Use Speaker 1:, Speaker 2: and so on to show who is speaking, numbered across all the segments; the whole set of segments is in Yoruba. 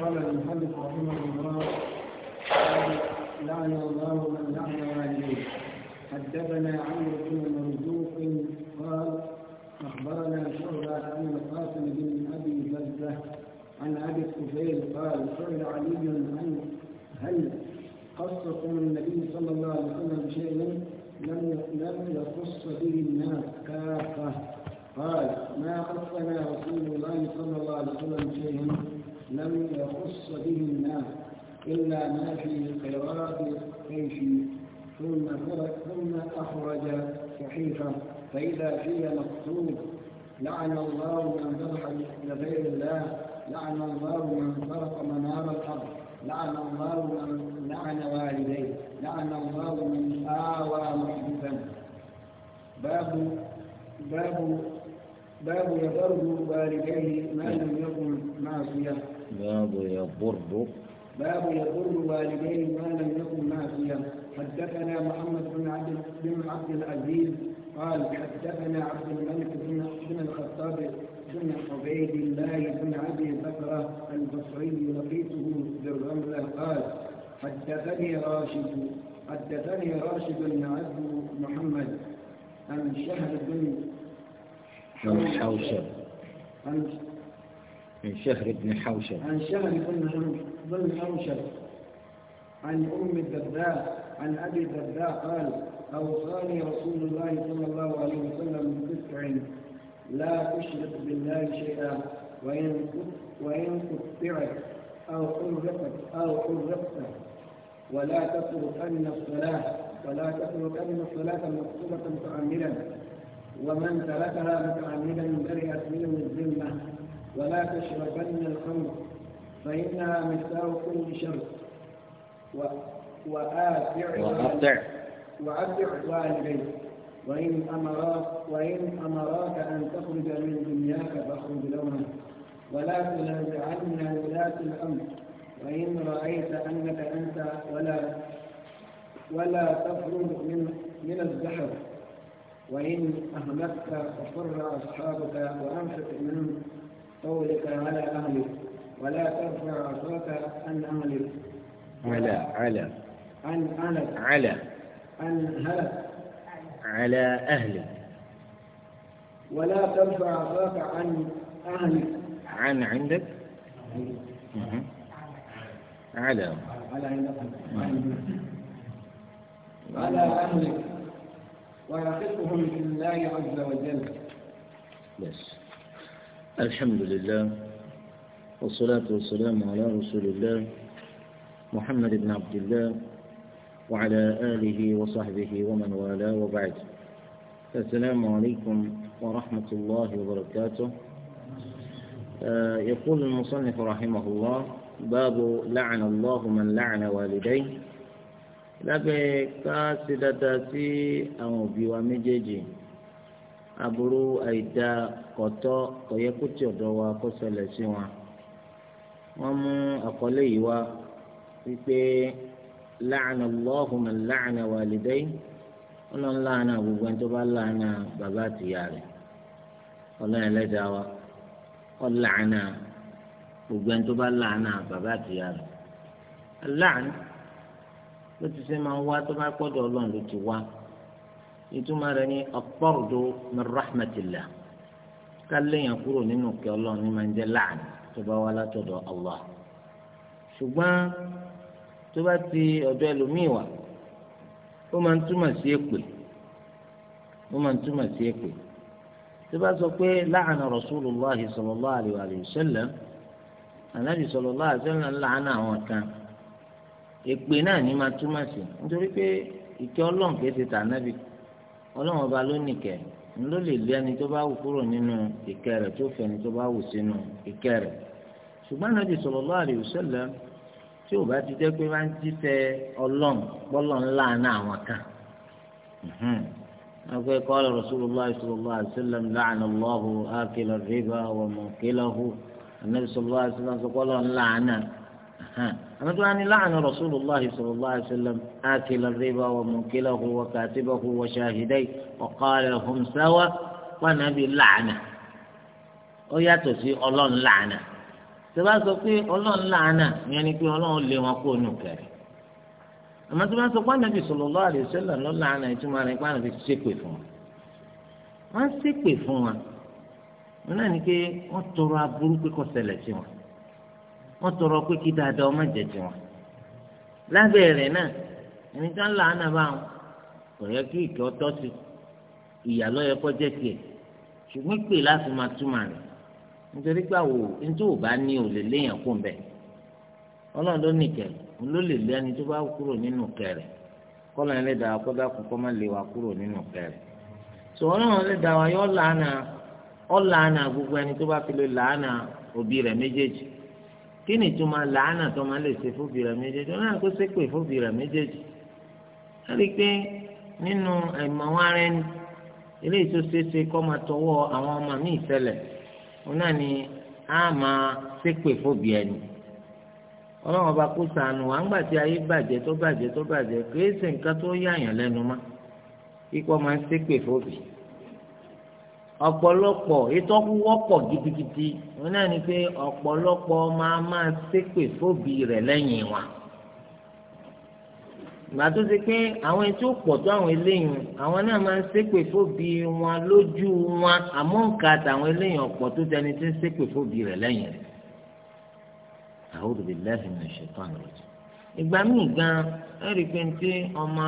Speaker 1: قال المؤلف رحمه الله لعن الله من لعن والديه حدثنا عمرو بن مرزوق قال اخبرنا شعبه عن القاسم بن ابي بزه عن ابي الطفيل قال سئل علي عن هل قصكم النبي صلى الله عليه وسلم شيئا لم لم يقص به الناس كافه قال ما قصنا رسول الله صلى الله عليه وسلم شيئا لم يخص به الناس إلا ما في قراءة قيش ثم ثم أخرج صحيفة فإذا فيه مكتوب لعن الله من ذبح لغير الله لعن الله من سرق منار الأرض لعن الله من لعن والديه لعن الله من آوى محدثا باب باب باب يضرب والديه ما لم يكن معصيه
Speaker 2: باب يضر
Speaker 1: باب يضر والدين ما لم يكن معصية حدثنا محمد بن عبد بن عبد العزيز قال حدثنا عبد الملك بن الخطاب بن عبيد الله بن ابي بكر البصري لقيته بالرمله قال حدثني راشد حدثني راشد بن عبد محمد عن شهر بن
Speaker 2: حوشب عن عن شهر بن حوشب عن
Speaker 1: شهر بن حوشب عن أم الدرداء عن أبي الدرداء قال أوصاني رسول الله صلى الله عليه وسلم بتسع لا تشرك بالله شيئا وإن وإن قطعت أو حرقت أو حرقت ولا تتركن الصلاة ولا تتركن الصلاة مكتوبة متعمدا ومن تركها متعمدا برئت منه الذمة ولا تشربن الخمر فإنها مفتاح كل شر وآتع وأطع وأطع والديك وإن أمراك وإن أمراك أن تخرج من دنياك فاخرج لونها ولا تنازعن ولاة الأمر وإن رأيت أنك أنت ولا ولا تخرج من من الزحف وإن أهملت فقر أصحابك وأنفق منهم قولك على أهلك ولا ترفع صوتك عن أهلك على على عن أهلك على عن هلك
Speaker 2: على أهلك
Speaker 1: ولا ترفع صوتك عن أهلك عن عندك على على عندك على أهلك ويثقهم بالله عز وجل.
Speaker 2: Yes. الحمد لله والصلاة والسلام على رسول الله محمد بن عبد الله وعلى آله وصحبه ومن والاه وبعد السلام عليكم ورحمة الله وبركاته آه، يقول المصنف رحمه الله باب لعن الله من لعن والديه لا بكاسدة أو بوامجيجي aburú àìda kọtọ kọ̀yẹ́kùtì ọ̀dọ́ wa kó ṣẹlẹ̀ sí wọn. mú àkọlé yìí wá wípé láàánà Allahu man láàánà wọn lọ ń gbogbo tó bá láàánà bàbá àtìyá ọlọ́run ọ gbogbo tó bá láàánà bàbá àtìyá rẹ̀ láàánà ló ti ṣe máa ń wá tó bá ọlọ́run ló ti wá. ìtumọ̀ rẹ̀ ní ọ̀pọ̀rọ̀dọ̀ min rahmatillah kálẹ̀yìn kúrò nínú kẹ́ ọlọ́run ní máa ń jẹ́ láàánú tó bá wá látọ̀dọ̀ Allah ṣùgbọ́n tó bá ti ọ̀dọ̀ ẹlòmíì wá ó máa ń túmọ̀ sí èpè ó máa ń túmọ̀ sí èpè tó bá sọ pé láàánú rasulullahi sallallahu alaihi wa sallam ànábì sallallahu alaihi wa sallam láàánú àwọn kan èpè náà ní máa túmọ̀ sí nítorí pé ìkẹ́ ọlọ́run kìí ṣe tà ànábì kù ọlọ́run ọba ló nìkẹ́ ń ló lè lé ẹni tó bá wù kúrò nínú ìkẹ́ rẹ̀ tó fẹ́ ẹni tó bá wù sínú ìkẹ́ rẹ̀ ṣùgbọ́n Ànábì sallallahu alaihi wasallam tí ò bá ti jẹ́ pé máa ń jíṣẹ́ ọlọ́run bọ́lọ̀ ńlá náà àwọn kan أقول قال رسول الله صلى الله عليه وسلم لعن الله آكل الربا وموكله النبي صلى الله عليه وسلم قال لعن àmọ́ tó wá ní láàánú rasulillah sallallahu alayhi wa sallam akila riba wa mukilahu wa katibahu wa shahidai wa qala hum sawa wa nabi laana ó yàtọ̀ sí ọlọ́run laana tó bá sọ pé ọlọ́run laana ìyẹn ni pé ọlọ́run lé wọn kó nù kẹrì àmọ́ tó bá sọ pé anabi sallallahu alayhi wa sallam ló laana ìtumọ̀ rẹ̀ pé anabi ṣépè fún wọn wọ́n ṣépè fún wọn wọn náà ní pé wọ́n tọrọ aburú pé kò ṣẹlẹ̀ sí wọn. wọ́n tọrọ pé kí dáadáa ọmọ jẹjẹ wọn lábẹ́ náà ẹni tá ń là á nà wọn kò yẹ kí ìkẹ́ ọtọ́ sí ìyà lọ́yẹ kọjá tiẹ̀ ṣùgbọ́n pè láti máa túmọ̀ nítorí pé ntí ò bá ní òlè léèyàn kún bẹ́ẹ̀ ọlọ́run ló nìkẹ́ ló lè lé ẹni tó bá kúrò nínú kọ́lọ́ bá kú kọ́ má lè wá kúrò nínú gbogbo ẹni tó bá fi lè làánà òbí méjèèjì gịnị ni ìtumọ̀ làánà tó máa lè ṣe fóbi rẹ̀ méjèèjì ọ̀nà kó ṣépè fóbi rẹ̀ méjèèjì á rí i pé nínú ẹ̀mọ́ wọn ara ẹni eléyìí tó ṣeéṣe kọ́ máa tọwọ́ àwọn ọmọ mi ìṣẹ̀lẹ̀ wọn ni á máa ṣépè fóbi ọba kó sànù wà ńgbà tí ayé bàjẹ́ tó bàjẹ́ tó bàjẹ́ kìí ṣe nǹkan tó ya lẹ́nu mọ́ kíkọ́ máa ọ̀pọ̀lọpọ̀ ìtọ́kù wọ́pọ̀ gidigidi wọn náà ni pé ọ̀pọ̀lọpọ̀ máa máa ṣépè fóbi rẹ̀ lẹ́yìn wa ìgbà tó ṣe pé àwọn etí ó pọ̀ tó àwọn eléyìn àwọn náà máa ń ṣépè fóbi wọn lójú wọn àmọ́ nǹkan àtàwọn eléyìn ọ̀pọ̀ tó tẹni tí ń ṣépè fóbi rẹ̀ lẹ́yìn rẹ̀ a'udhu billahi minash shaitanir rajim ìgbà míì gan ẹ̀rí pé ní ọmọ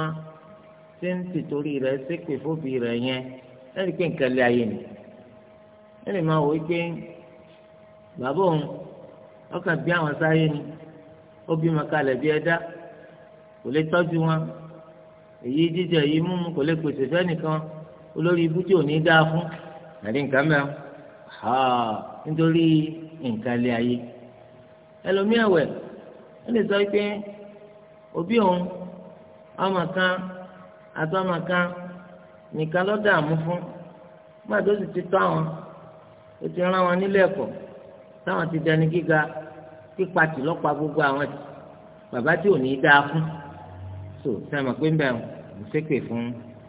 Speaker 2: tí ń tìtorí rẹ̀ ṣépè fóbi rẹ̀ yẹn ẹni pé nǹkan lé ayé ni ẹni máa wò ó pé bàbá òun ọkàn bí àwọn sáyé ni ó bí wọn kalẹ̀ bí ẹ̀dá kò lè tọ́jú wọn èyí jíjẹ èyí mímu kò lè pèsè fẹ́nìkan olórí ibú tí ò ní dáa fún àti nǹkan mẹ́rin ha nítorí nǹkan lé ayé ẹlòmíì ẹ̀wẹ̀ ó lè sọ pé òbí òun ọmọ kan àti ọmọ kan nìkan ló dààmú fún gbàdó sì ti tọ́ àwọn ó ti rán wọn nílé ẹ̀kọ́ táwọn ti dẹni gíga pípa tì lọ́pàá gbogbo àwọn tì bàbá tí ò ní í dáa fún so sẹ́mi pé ń bẹ̀ ń ṣépè fún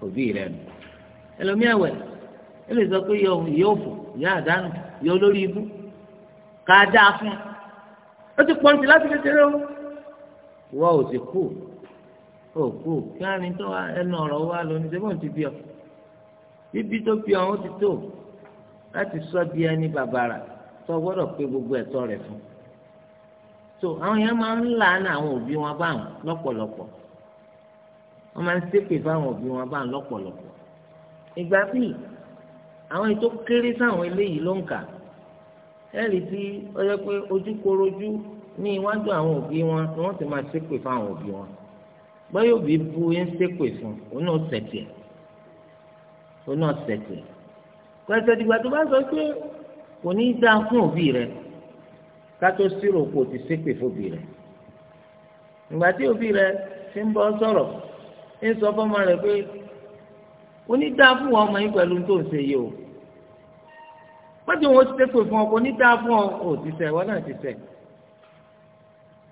Speaker 2: òbí rẹ̀ nù ẹlòmíẹ̀wẹ̀ ẹ lè sọ pé ìyá òfò ìyá àdánù ìyá olórí ibú ká dáa fún ó ti pọ́ǹtì láti kékeré o ìwọ ò sì kú ò kú kí á ní tó ẹnu ọ̀rọ̀ wa lónìí ṣé bóun ti bí ọ ibi tó bí àwọn ti tó láti sọ di ẹni bàbàrà tó gbọ́dọ̀ pé gbogbo ẹ̀tọ́ rẹ̀ fún so àwọn yẹn máa ń làánà àwọn òbí wọn báwọn lọ́pọ̀lọpọ̀ wọ́n máa ń ṣépè fáwọn òbí wọn báwọn lọ́pọ̀lọpọ̀ ìgbà bíi àwọn ètò kéré sáwọn eléyìí ló ń kà ẹ̀rí tí ó yẹ pé ojúkorojú ní iwájú àwọn òbí wọn ni wọ́n ti máa ṣépè fáwọn òbí wọn báyọ̀ òbí bu yẹn ṣépè fún òun náà ṣẹ̀tì ẹ̀ ó náà sẹ̀tẹ̀ pẹ̀sẹ̀ dìgbà tó bá sọ pé kò ní í dáa fún òbí rẹ kátó sírò kò ti ṣépè fòbí rẹ ìgbà tí òbí rẹ ti ń bọ́ sọ̀rọ̀ ń sọ fọ́mọ rẹ pé kò ní í dáa fún ọmọ yín pẹ̀lú tó ń ṣe yìí o pẹ́ẹ́tì wọn ti ṣépè fún ọ kò ní í dáa fún ọ ò ti ṣe ìwọ náà ti ṣe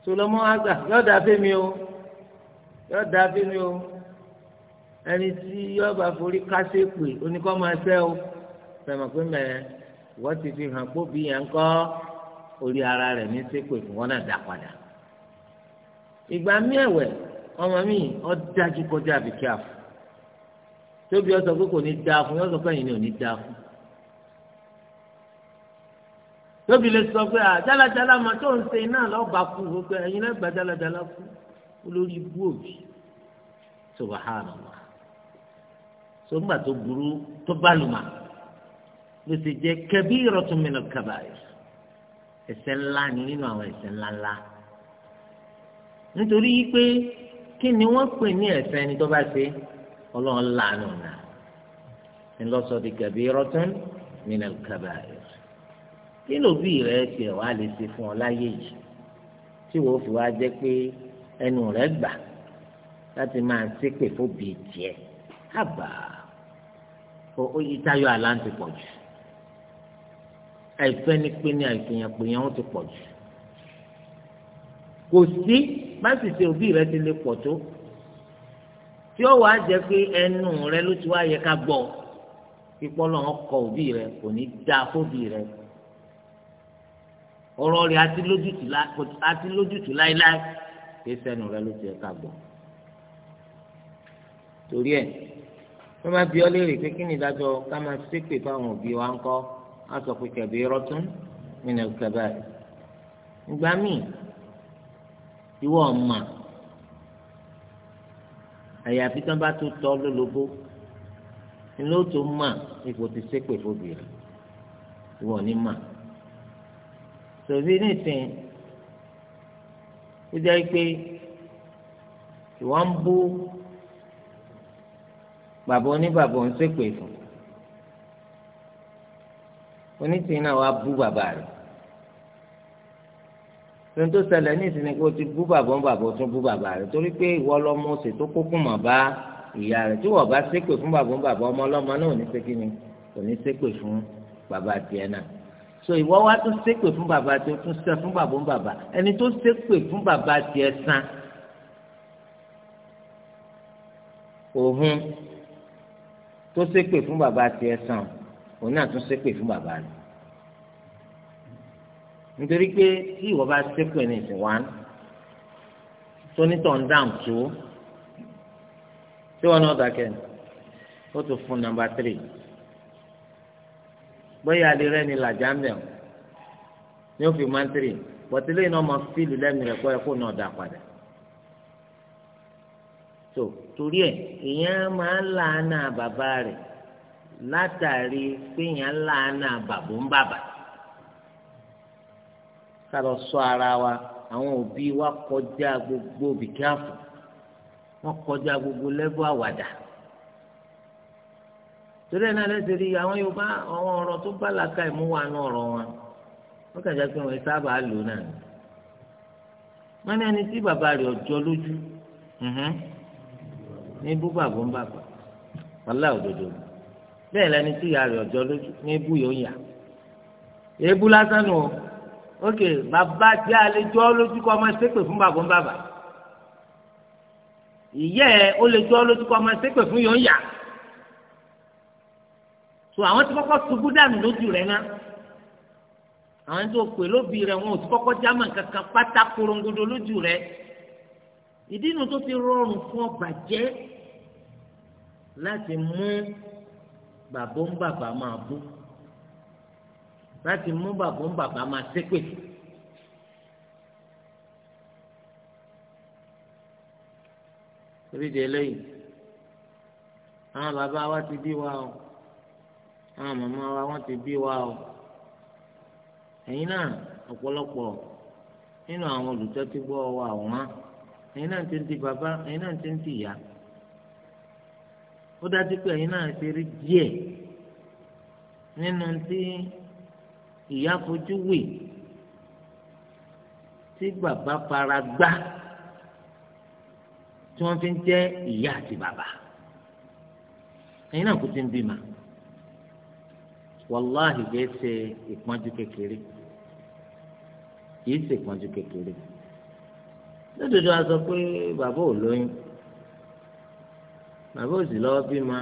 Speaker 2: solomọ àgbà yọ̀ọ̀dà fẹ́mi o yọ̀ọ̀dà fẹ́mi o ẹni tí yọba forí kásẹ̀ pè oníkọ́ máa sẹ́ o sẹ́mi pé mẹ́rin wọ́n ti fi hàn kó bí yẹn kọ́ orí ara rẹ̀ ní sẹ́pẹ̀ fún wọn náà dá padà ìgbà mí ẹ̀wẹ̀ ọmọ mi ọ́ dájú kọjá àbíkẹ́ àfọ̀ tóbi ọsọ pé kò ní dáa fún yọsọ pé ẹ̀yin ni ò ní dáa fún tóbi lè sọ pé à jálajàla máa tó ń ṣe iná lọ́ba kú gbogbo ẹ̀yin lẹ́gbàá jálajàla kú olórí ibú òbí subhanallah sọgbà tó burú tó bá lùmà ló ti jẹ kẹbí ìrọtún mi nà kàbáyé ẹ̀ṣẹ̀ ńlá ni nínú àwọn ẹ̀ṣẹ̀ ńlá ńlá nítorí pé kí ni wọ́n pè ní ẹ̀ṣẹ̀ ẹni tó bá ṣe Ọlọ́run làánù náà ńlọsọ di kẹbí ìrọtún mi nà kàbáyé kí ló bí rẹ ṣe wá lè ṣe fún ọ láyé yìí tí wọ́n fi wá jẹ́ pé ẹnu rẹ gbà láti máa ṣépè fóbi tiẹ̀ àbá oyi tayọ àlá ń ti pọ̀ jù àìfẹ́ ní pé ní àìfìyànpìyàn ń ti pọ̀ jù kò sí bá sì ṣe òbí rẹ ti lè pọ̀ tó tí ó wàá jẹ pé ẹnu rẹ ló ti wá yẹ ká gbọ́ pípọ́ lọ́wọ́ kọ òbí rẹ kò ní dá fóbi rẹ ọ̀rọ̀ rẹ àti lójútùú láéláé kí sẹ́nu rẹ ló ti yẹ ká gbọ́ torí ẹ̀ wọ́n máa bí ọ léèrè pé kí ni ìdájọ́ ká máa ṣépè fáwọn òbí wa ń kọ́ á sọ pé kẹ̀bí rọ́tún nínú kẹ̀bá rẹ̀. ìgbà míì ìwọ ọ̀ma àyàfi tán bá tó tọ́ lólobó ni ló tó mà ipò ti ṣépè fòbí rẹ̀ ìwọ ní mà. sòbí nìsín ó jẹ́ pé ìwọ́n ń bú bàbá oníbàbá ń ṣépè fún onítìyín náà wàá bú bàbá rẹ̀ tó ń tó ṣẹlẹ̀ ní ìsinmi pé o ti bú bàbá ń bàbá o tún bú bàbá rẹ̀ torí pé ìwọ lọ́mọ oṣù tó kókó mọ̀ bá ìyá rẹ̀ tí wọ́n bá ṣépè fún bàbá ń bàbá ọmọ ọlọ́mọ náà ní ṣépè ni kò ní ṣépè fún bàbá tiẹ̀ náà so ìwọ wá tún ṣépè fún bàbá tiẹ̀ tún ṣe fún bàbá bàbá ẹni tó ṣépè fún bàbá tiẹ̀ san òhun tó ṣépè fún bàbá tiẹ̀ sàn òun náà tún ṣépè fún bàbá rẹ̀ nítorí pé tí ìwọ bá ṣépè ní ìsìn wá tónítọ̀ ń dáhùn tó tí wọn náà dàkẹ́ ó tún fún nàmbà tírì bóyá adìrẹ́ ni làjà ń bẹ̀ ni ó fi máa ń tírì máa fíìlì lẹ́mìí rẹ̀ kọ́ ẹ kó náà dà padà. so torí ẹ èèyàn máa ń làánà bàbá rẹ̀ látàrí pé èèyàn ń ń bàbà ká lọ sọ ara wa àwọn òbí wa kọjá gbogbo bìkẹ́àfù wọ́n kọjá gbogbo lẹ́bù àwàdà torí ẹ̀ náà lẹ́sẹ̀ rí àwọn Yorùbá àwọn ọ̀rọ̀ tó bá làákà ìmúwà náà ọ̀rọ̀ wọn wọ́n kàn jẹ́ pé wọ́n sábà lò náà wọ́n ní ẹni tí bàbá ní bú bàbá ń bàbá wàhálà òdodo ni bẹ́ẹ̀ lẹni tí ìyá rẹ̀ ọjọ́ lójú ní bú yóò yà èébú lásán nù ókè bàbá tí a lè jọ́ lójú kọ́ máa ṣépè fún bàbá ń bàbá ìyá ẹ ó lè jọ́ lójú kọ́ máa ṣépè fún yóò yà so àwọn tí kọ́kọ́ ṣubú dànù lójú rẹ̀ náà àwọn tó pè lóbi rẹ̀ wọn ò ti kọ́kọ́ jámà kankan pátá korongodo lójú rẹ̀ ìdí inú tó fi rọrùn fún ọ bàjẹ́ láti mú bàbá ń bàbá máa bú láti mú bàbá ń bàbá máa ṣépè. torí de eléyìí àwọn bàbá wa ti bí wa o àwọn màmá wa wọ́n ti bí wa o ẹ̀yin náà ọ̀pọ̀lọpọ̀ nínú àwọn olùtọ́jú gbọ́ wa ọ̀wọ́n ẹ̀yin náà ti ń di bàbá ẹ̀yin náà ti ń di ìyá ó dájú pé ẹ̀yin náà ti rí díẹ̀ nínú tí ìyá fojú wè tí bàbá fara gbá tí wọ́n fi ń jẹ́ ìyá àti bàbá ẹ̀yin náà kò ti ń bímọ wàláhì kìí ṣe ìpọ́njú kékeré kìí ṣe ìpọ́njú kékeré lódodo a sọ pé bàbá ò lóyún bàbá òsì lọ́wọ́ bímọ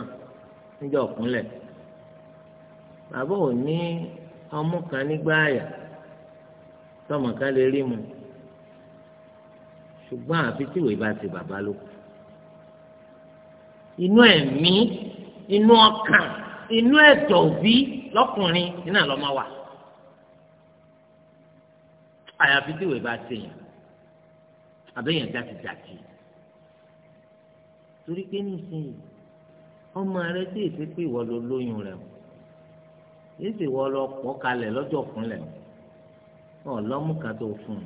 Speaker 2: níjọ́ kúnlẹ̀ bàbá ò ní ọmú kan nígbà àyà tọmọ kan lè rí mu ṣùgbọ́n àfi tí ìwé bá ti bàbá ló kù inú ẹ̀mí inú ọkàn inú ẹ̀tọ́ òbí lọ́kùnrin iná lọ́mọ wà àyàfi tí ìwé bá ti yàn àbẹ́yẹn jáde jáde torí pé nísìnyí ọmọ rẹ tí èsì pé ìwọ ló lóyún rẹ o èsì ìwọ lọ pọ̀ kalẹ̀ lọ́jọ́ kúnlẹ̀ o ọlọ́mú kan tó fún un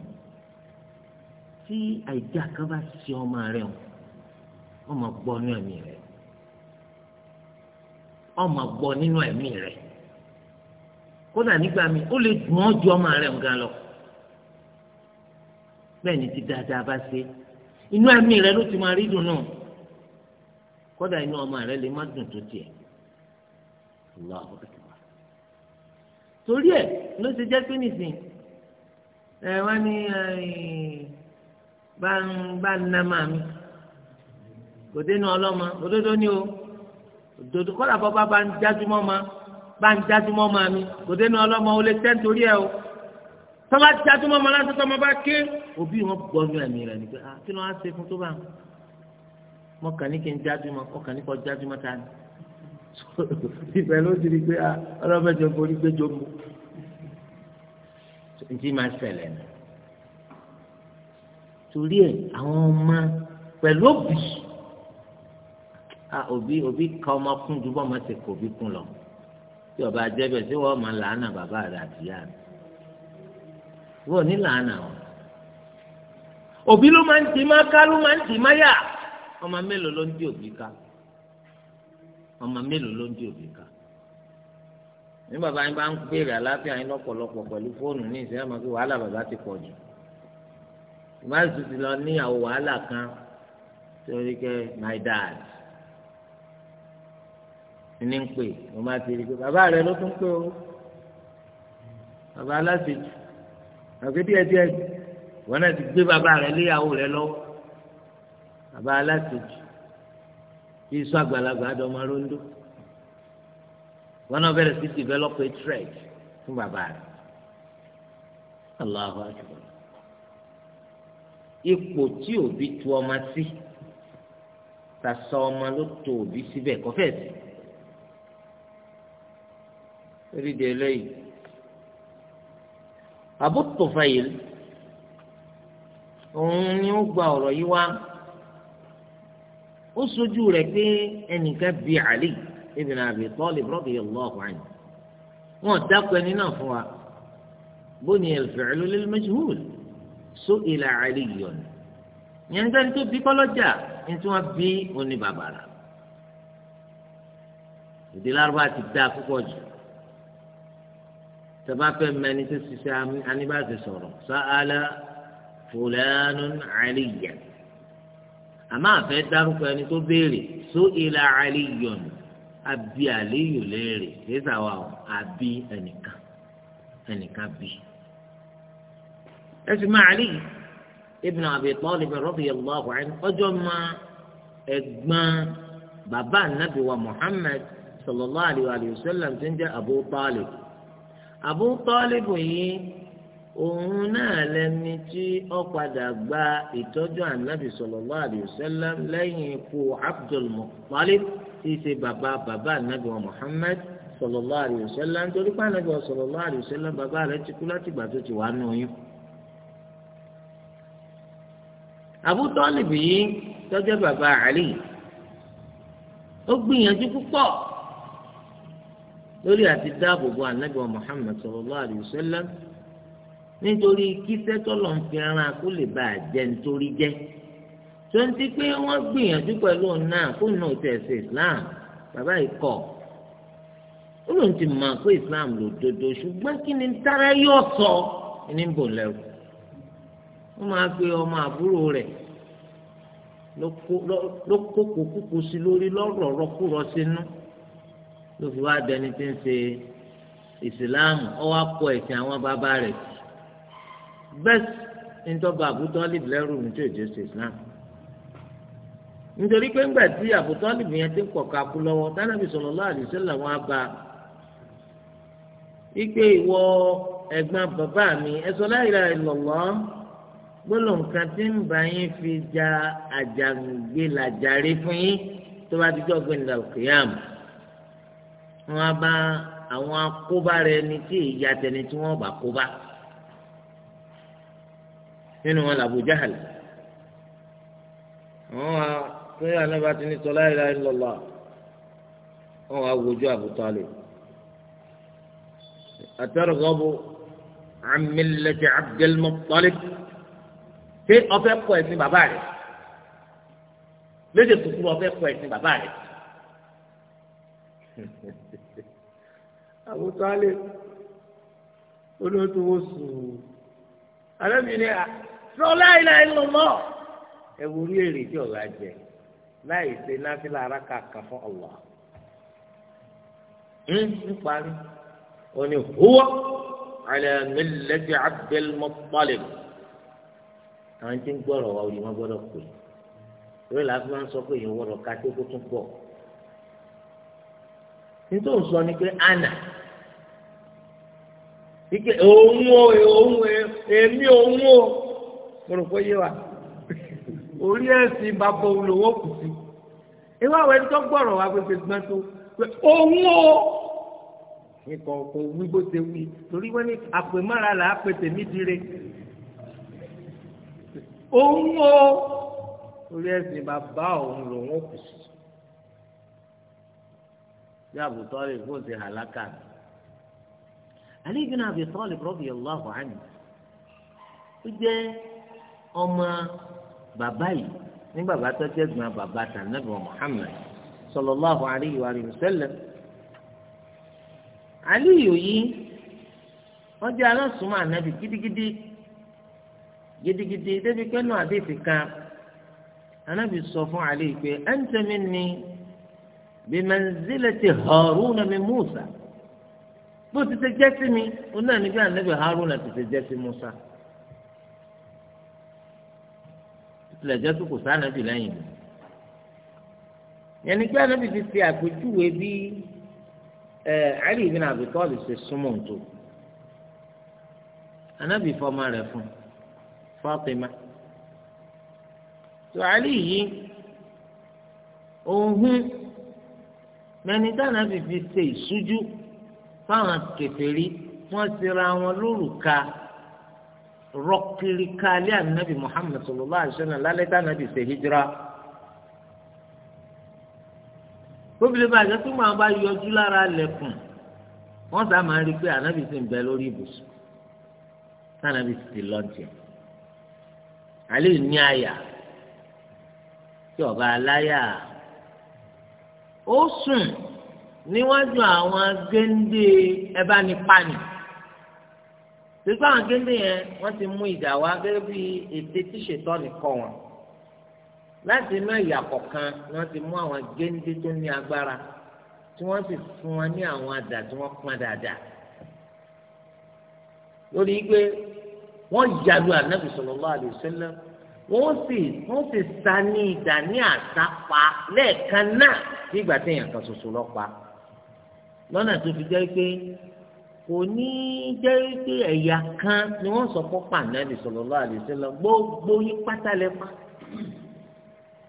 Speaker 2: tí àìjà kan bá ṣe ọmọ rẹ o ọmọ gbọ́ ní ẹ̀mí rẹ ọmọ gbọ́ nínú ẹ̀mí rẹ kódà nígbà mi ó lè dùn ọ́ ju ọmọ rẹ nǹkan lọ bẹ́ẹ̀ ni ti dáadáa bá ṣe inú ẹ̀mí rẹ ló ti máa rí dùn náà kódà inú ọmọ rẹ lè má dùn tó tiẹ̀
Speaker 1: Allahu akbar
Speaker 2: torí ẹ ló ti jẹ́ pé nìsín ẹ wá ní bá ń bá ń ná máa mi kò dénú ọlọ́mọ òdodo ni o òdodo kódà bọ́ bá bá ń jájúmọ́ ma bá ń jájúmọ́ ma mi kò dénú ọlọ́mọ o lè tẹ́ nítorí ẹ o tọ́ba jájúmọ́ ma láti tọ́ ma bá ké òbí wọn gbọ́ ní ẹ̀mí rẹ̀ ni ah, kí ni wọ́n á ṣe fún tó bá ń mọ́kàn ní kí n jájú mọ́ ọkàn ní kọ́ jájú mọ́ tani
Speaker 1: ìfẹ́ ló ti di pé ah, ọlọ́mọdé forí gbé jombo
Speaker 2: ntí máa ṣẹlẹ̀ nù torí ẹ̀ àwọn ọmọ pẹ̀lú òbí ah, òbí òbí ka ọmọ kún ju bọ́ọ̀mọ ti kò bí kún lọ tí ọba jẹ́bẹ̀ tí wọ́n máa làánà bàbá rẹ̀ àti ìyá rẹ̀ wọ́n ní làánà wọn òbí ló máa ń tì máa ká ló máa ń tì máa yà ọmọ mélòó ló ń di òbí ká ọmọ mélòó ló ń di òbí ká ní bàbá yín bá ń béèrè àlàáfíà yín lọ́pọ̀lọpọ̀ pẹ̀lú fóònù ní ìsẹ́yà máa fi wàhálà bàbá ti pọ̀ jù ìmáà sì ti lọ níyàwó wàhálà kan torí kẹ my dad ní ń pè mo máa ti rí i pé bàbá rẹ ló tún pé o bàbá aláṣejù àgbẹ̀díẹ̀díẹ̀ wọn náà ti gbé bàbá rẹ léyàwó rẹ lọ́wọ́ àbá aláṣejù kí iṣu àgbàlagbà àdọ́mọ aróńdó wọn náà bẹ̀rẹ̀ sí develop a trade fún bàbá rẹ̀ Allahu akbar ipò tí òbí tu ọmọ sí tàṣà ọmọ ló tó òbí síbẹ̀ kọfẹ́ sí lórí de eléyìí Abu Tufayl òun ni ó gba ọ̀rọ̀ yìí wá ó sojú rẹ̀ pé ẹnìkan bíi Ali ibn Abi Talib radiyallahu anhu wọn dákọ ẹni náà fún wa buniya al-fi'lu lil-majhul su'ila Aliyyun yẹn gbẹ́ni tó bí kọ́lọ́jà ní tí wọ́n bí oní bàbàrà èdè lárúbá ti dáa púpọ̀ jù tẹ́bá fẹ́ mẹ́ni tó ṣiṣẹ́ aníbàṣẹ sọ̀rọ̀ sa'ala fulanun Aliyyan àmọ́ àfẹ́ dárúkọ ẹni tó béèrè só ilà àlìyọ̀n àbí àlìyò léèrè kéésà wa ọ̀ àbí ẹnìkan ẹnìkan bí. ẹ sì máa àlì ibn Abi Talib radiyallahu anhu ọjọ́ máa ẹ̀gbọ́n bàbá ànábì wa Muhammad sallallahu alayhi wa sallam ti ń jẹ́ Abu Talib Abu Talib yìí. òun náà lẹni tí ó padà gba ìtọ́jú ànábì sallallahu alaihi lẹ́yìn ikú Abdul tí í ṣe bàbá bàbá ànábì wa sallallahu alaihi wasallam nítorí pé ànábì wa sallallahu alaihi wasallam bàbá rẹ̀ ti kú láti tó ti Ali
Speaker 1: ó gbìyànjú púpọ̀
Speaker 2: lórí àti dáàbò bo ànábì wa Muhammad nítorí kíṣẹ́ tọ́lọ̀ ń fi ara kó lè bá a jẹ nítorí jẹ́ tó ń ti pé wọ́n gbìyànjú pẹ̀lú òun náà kó nà Islam bàbá yìí kọ̀ ó lóun ti mọ̀ pé Islam ló dodo ṣùgbọ́n kí ni tára yóò sọ ní bò lẹ́rù wọ́n máa pe ọmọ àbúrò rẹ̀ ló kókò kúkú sí lórí lọ́rọ̀ rọ́kúrọ́ sínú ló fi wá dẹni tí ń ṣe ìsìláàmù ọwọ́ akọ ẹ̀sìn àwọn bàbá rẹ̀ sí bẹ́ẹ̀ ntọ́ba àbútọ́lìbì lẹ́rù ní tí òjò ṣe islam nítorí pé ńgbà tí àbútọ́lìbì yẹn ti ń kọ̀ọ̀ka kú lọ́wọ́ tánàbì sallallahu alaihi wasallam wọn á bá wípé ìwọ ẹ̀gbọ́n bàbá mi ẹ̀sọ́ la ilaha illallah gbólóǹkan tí ń bá yín fi ja àjàgbé làjàre fún yín tó bá dijọ́ gbẹ̀ndà òkèèyàn wọn á bá àwọn akóbá rẹ ní tí ìyá tẹni tí wọ́n bá kóbá nínú wọn làbù jáhàlì wọn wá tó yà náà bá ti ní sọlá ìlà ìlọlọ wọn wá wojú Abu Talib àtẹrùgọbù amílẹtì Abdul Muttalib ṣé ọfẹ kọ ẹsìn bàbá rẹ lédè kúkúrú ọfẹ kọ ẹsìn bàbá rẹ
Speaker 1: Abu olóòtú wo
Speaker 2: alẹ́ mi ní sọ láìláì lọ mọ́ ẹ wúrí èrè tí ọ̀rọ̀ àjẹ láì ṣe náfìlà ara kàkà fún Allah ń parí ó ní huwa ala millati Abdul Muttalib àwọn tí ń gbọ́rọ̀ wa òye wọn gbọ́dọ̀ pè lórí làá fi máa ń sọ pé èèyàn wọ̀rọ̀ ká kó tún pọ̀ nítorí sọ ni pé àná ike òun o òun
Speaker 1: èmi òun o kòrò kó yé wa orí ẹ̀sìn bàbá olówó kù sí ìwà àwọn ẹni tó gbọ́rọ̀ wa pépè gbọ́n tó pé òun
Speaker 2: o nǹkan kò wí bó ṣe wí torí wọ́n ní àpèmọ́ra là á pètè mí dire òun o orí ẹ̀sìn bàbá òun lòun ó kù sí bí àbùtọ́ rẹ̀ kó ṣe hàlákà mi. Ali bin Abi Talib radiyallahu anhu ó jẹ́ ọmọ bàbá yìí ní bàbá tó jẹ́ gbọ́n bàbá tànàbí Muhammad sallallahu alayhi wa sallam aliyu yìí wọ́n jẹ́ alásùnmọ́ ànábì gidigidi gidigidi débi pé nù àdéhìí kan ànábì sọ fún aliyu pé anta minni bi manzilati Haruna min Musa bó ti ṣe jẹ́ sí mi ó náà níbi ànábì Haruna ti ṣe jẹ́ sí Musa. tilẹ̀ jẹ́ tó kò sànàbì lẹ́yìn rẹ̀ yẹn ni pé ànábì ti ṣe àpèjúwe bí Ali ibn Abi Talib ṣe súnmọ́ ntò ànábì fọmọ rẹ̀ fún Fatima tó Ali yìí òhun mẹni tànàbì fi ṣe ìṣújú fáwọn kèfèrí wọ́n ti ra wọn lórúka. rọkìlìkàlì ànábì muhammed sallallahu alaihi wasallam tá ànábì ṣe hijira tóbìlì bá àjẹsí máa bá yọjú lára lẹ́kùn wọ́n sá máa rí i pé ànábì sì ń bẹ lórí ibùsùn tá ànábì sì ti lọ́ọ̀tì àlè ní àyà tí ọba aláyà ó sùn tìgbà àwọn géńdé yẹn wọ́n ti mú ìjà wá gẹ́gẹ́ bí ète tí ṣètọ́ni kọ́ wọn láti inú ẹ̀yà kọ̀ọ̀kan ni wọ́n ti mú àwọn géńdé tó ní agbára tí wọ́n sì fún wọn ní àwọn àdá tí wọ́n pọn dáadáa lórí pé wọ́n yàlu ànábì sallallahu alaihi wasallam wọ́n sì wọ́n sì sa ní ìdá ní àsápa lẹ́ẹ̀kan náà nígbà tí èèyàn kan ṣoṣo lọ pa lọ́nà tó fi jẹ́ pé kò ní jẹ́ pé ẹ̀yà kan ni wọ́n sọ fún pàǹdàbì sallallahu alaihi wasallam gbogbo yín pátá lẹ́pá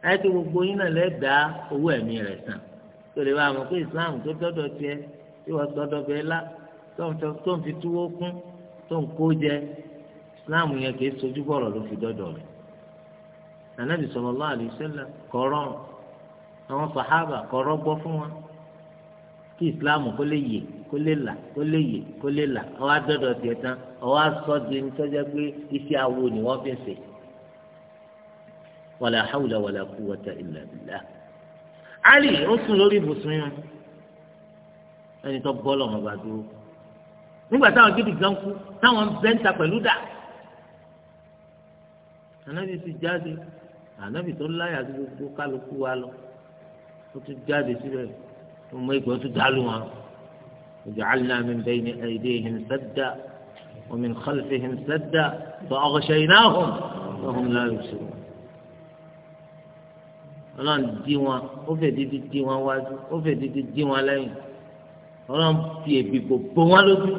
Speaker 2: àyẹ̀tò gbogbo yín náà lẹ́dàá owó ẹ̀mí rẹ̀ sàn tó lè wá àmọ́ pé Islam tó dọ́dọ̀ tiẹ̀ tí wọ́n dọ́dọ̀ bẹ́ẹ̀ lá tó ń fi túwó kún tó ń kó jẹ Islam yẹn kì í sojú bọ̀rọ̀ ló fi dọ́dọ̀ rẹ̀ ànábì sallallahu alaihi wasallam kọ̀ọ̀rọ̀ àwọn sàhábà kọ̀ọ̀rọ̀ gbọ́ fún wọn kí Islam kó lè yè kó lè là kó lè yè kó lè là ọwọ́ adọ́dọ̀ tiẹ̀ tán ọwọ́ asọ́ di ní tọ́jà pé iṣẹ́ awo ni wọ́n fi ń ṣe. wàlà hàwùlà wàlà kú wọ́tà ìlà bìlà. ali ó sùn lórí ibùsùn yẹn ẹni tó bọ́ lọ́mọ bá dúró nígbà táwọn gidi gan kú táwọn bẹ́ńtà pẹ̀lú dà anabi ti jáde anabi tó láyà gbogbo kálukú wa lọ ó tún jáde síbẹ̀ ọmọ ìgbà ó dálù wọn. وجعلنا من بين أيديهم سدا ومن خلفهم سدا فأغشيناهم فهم لا يبصرون ọlọ́run dí wọn ó fẹ́ dídí dí wọn wájú ó fẹ́ dídí dí wọn lẹ́yìn ọlọ́run fi èbì gbogbo wọn lójú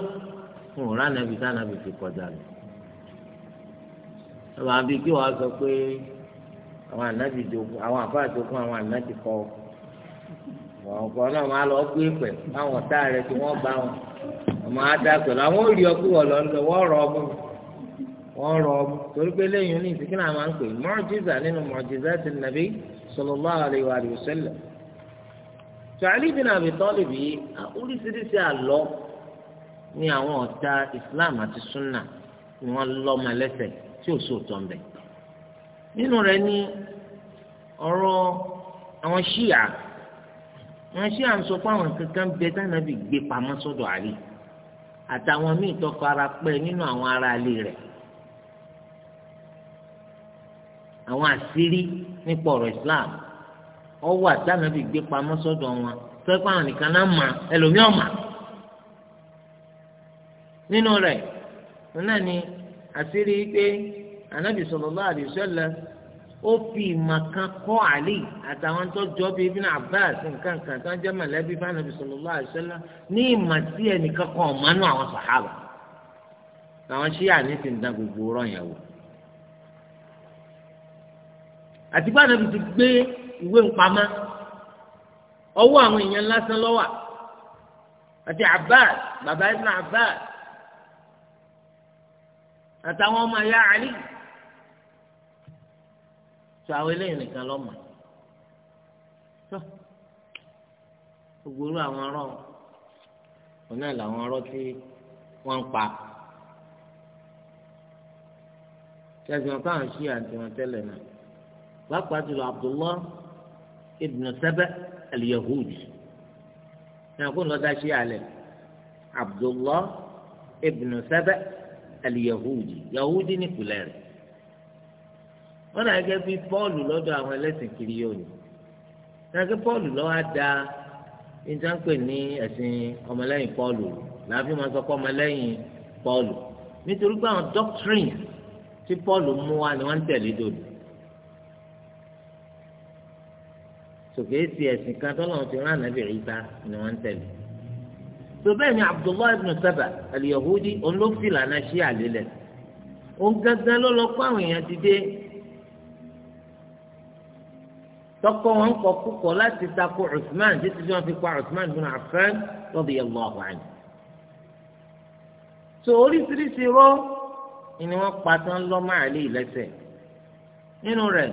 Speaker 2: fún ọ̀rá nàbì tá nàbì fi kọjá lọ. àwọn àbí kí wàá sọ pé àwọn ànábì jogún àwọn àbá jogún àwọn ànábì kọ́ àwọn kan náà máa lọ gbé pẹ̀ báwọn ọ̀tá rẹ̀ tí wọ́n bá wọn ọmọ adá pẹ̀lú àwọn ò rí ọkú wọ̀ lọ lọ wọ́n rọ ọmú wọ́n rọ ọmú torí pé lẹ́yìn ní ìsìnkú náà máa ń pè mọ́ọ̀jìzà nínú mọ́ọ̀jìzà ti nàbí sallallahu alaihi wa sallam. sọ̀rọ̀ ibi náà bìtọ́ lè bí oríṣiríṣi àlọ́ ní àwọn ọ̀tá Islam àti sunna ni wọ́n lọ́ ọmọ ẹlẹ́sẹ̀ tí ò sóòtọ́ ń nínú rẹ̀ ní ọ̀rọ̀ àwọn ṣíyà wọn ṣé à ń sọ pé kankan bẹ tánàbì gbé pamọ́ sọ́dọ̀ àlè àtàwọn míì tó ara pẹ́ nínú àwọn ará ilé rẹ̀ àwọn àṣírí nípa ọ̀rọ̀ Islam àtànàbì gbé wọn sẹ́pẹ́ àwọn nìkan náà mà ẹlòmíràn mà nínú náà ni àṣírí pé ànábì sallallahu alaihi ó fi ìmọ̀ kan kọ́ àlè àtàwọn tó jọ bíi Abbas nǹkan kan tó ń jẹ́ mọ̀lẹ́bí fanabi sallallahu alaihi wasallam ní ìmọ̀ tí ẹnìkan kan ọ̀mọ́ nù àwọn sàhábà làwọn ṣíyà ní ti ń dán gbogbo rọ̀ yẹn wò. nàbì ti gbé ìwé ńpamọ́ ọwọ́ àwọn èèyàn lásán lọ́wọ́ Abbas baba Ibn Abbas àtàwọn ọmọ ya Ali. tó àwọn eléyìí nìkan lọ́mọ tó gbogbo àwọn ọ̀rọ̀ òun náà làwọn ọ̀rọ̀ tí wọ́n ń pa tẹ̀sán káwọn ṣí àtìwọ̀n tẹ́lẹ̀ náà pàápàá jùlọ Abdullah ibn Saba al-Yahudi náà kó lọ́ọ́ dá ṣí àlẹ́ Abdullah ibn Saba al-Yahudi Yahudi ní kùlẹ̀ rẹ̀ wọn náà gẹ́gẹ́ bí bọ́ọ̀lù lọ́dọ̀ àwọn ẹlẹ́sìn kiri yóò ní gẹ́gẹ́ bọ́ọ̀lù lọ́wọ́ da ìjànpè ní ẹ̀sìn ọmọlẹ́yìn pọ́ọ̀lù làbí wọn sọ pé ọmọlẹ́yìn pọ́ọ̀lù nítorí pé àwọn doctrine tí pọ́ọ̀lù mú wa ni wọ́n ń tẹ̀lé dòdò sòkèésì ẹ̀sìn kan tọ́lọ́run ti rán ànábì Ìsá ni wọ́n ń tẹ̀lé tòbẹ́ ni Abdullah ibn Saba al-Yahudi òun ló fi lànà ṣí àlélẹ̀ òun ló lọ kó àwọn èèyàn ti dé tọkọ wọn kọ púpọ̀ láti takò Usman títí wọn fi pa Usman bin Affan radiyallahu anhu. tó oríṣiríṣi rọ ni wọn pa tán lọ́mọ àlè lẹ́sẹ̀ nínú rẹ̀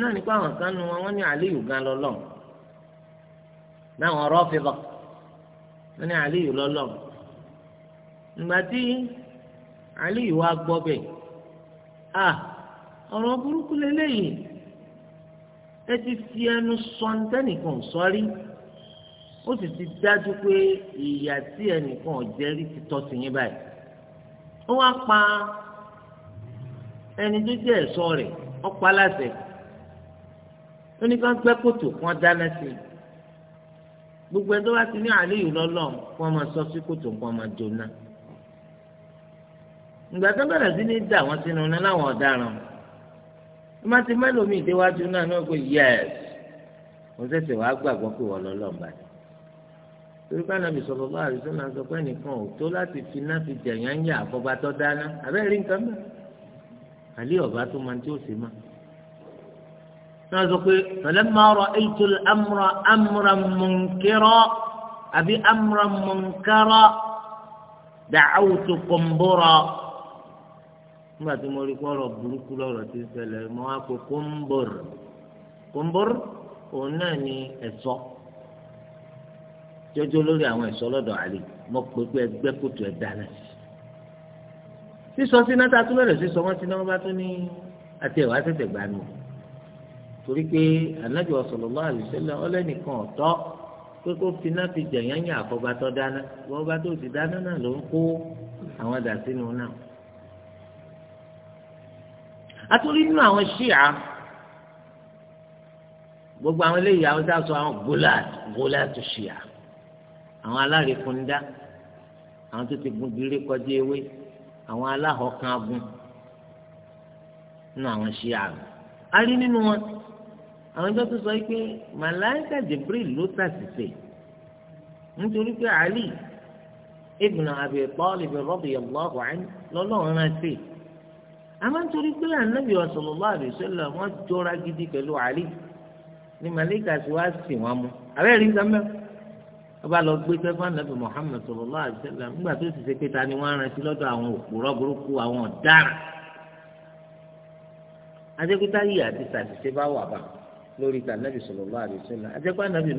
Speaker 2: náà nípa àwọn kan nu wọn wọn ní àlè yògán lọ́lọ́ náwọn Rafida wọn ní àlè yògán lọ́lọ́ tí aliyu yògán ah ọrọ burúkú ẹ ti fi ẹnu sọ nítẹ́nìkan sọ́rí ó sì ti dájú pé ìyà tí ẹnìkan ọ̀jẹ́rí ti tọ́ sí yín báyìí ó wá pa ẹni tó jẹ́ ẹ̀ṣọ́ rẹ̀ ó pa láṣẹ ó ní ká gbẹ́ kòtò kan dáná sí i gbogbo ẹni tó bá ti ní àléyìn lọ́lọ́ kó máa sọ sí kòtò kó máa jóná ìgbà tó bẹ̀rẹ̀ sí ní dà wọ́n sínú iná láwọn ọ̀daràn má ti má lómi ìdéwájú náà náà pé yẹs mo ṣẹ̀ṣẹ̀ wàá gbàgbọ́ pé wọ́n lọ́lọ́run bá dé torí ká nàbì sọ̀rọ̀ bá àrùsọ náà sọ pé nìkan ò tó láti fi náà fi jẹ̀yàn ń yà àfọ́gbá tó dáná àbẹ́rẹ́ rí nǹkan mẹ́rin àlẹ́ ọ̀bá tó máa tí ó sì má. náà sọ pé falamma ra'aytu al-amra amran munkara àbí amran munkara da'awtu qumbura nígbà tí mo rí kó ọ̀rọ̀ burúkú lọ́rọ̀ ti ṣẹlẹ̀ mo wá pé kóńbòr kóńbòr òun náà ni ẹ̀ṣọ́ jọjọ lórí àwọn ẹ̀ṣọ́ lọ́dọ̀ àlè mo pè pé ẹgbẹ́ kòtò ẹ̀ dáná sí sísọ síná tá a tún bẹ̀rẹ̀ sísọ wọn síná wọn bá tún ní àti ẹ̀wà tẹ̀tẹ̀ gbà nù torí pé Ànábì sallallahu alaihi wasallam ọlẹ́nìkan ọ̀tọ́ pé kó finá fi jẹ̀yán yàn àfọ̀gbàtọ́ dáná wọ́n bá tó ti dáná náà ló ń kó àwọn dà sínú náà àtúrí nínú àwọn ṣíà gbogbo àwọn eléyìí àwọn tá a sọ àwọn golat golat ṣíà àwọn alárekúndá àwọn tó ti gun ìdílé kọjá ewé àwọn aláhọ̀kángun nínú àwọn ṣíà rẹ̀ a rí nínú wọn àwọn ìjọ tó sọ pé màláíkà Jibril ló ṣàṣìṣe nítorí pé Ali ibn Abi Talib radiyallahu anhu lọ́lọ́run rántí àmọ́ nítorí pé ànábì sallallahu alaihi wasallam wọ́n jọra gidi pẹ̀lú àlì ni màlíkà sì wá sì wọ́n mu àbẹ́ rí nǹkan mẹ́rin wọ́n bá lọ gbé sẹ́fọ́n ànábì Muhammad sallallahu alaihi wasallam nígbà tó ti ṣe pé ta ni wọ́n rántí lọ́dọ̀ àwọn òpùrọ́ burúkú àwọn ọ̀daràn adékútá yìí àti sàdìsẹ́ bá wà bá lórí ta nàbì sallallahu alaihi wasallam adékútá nàbì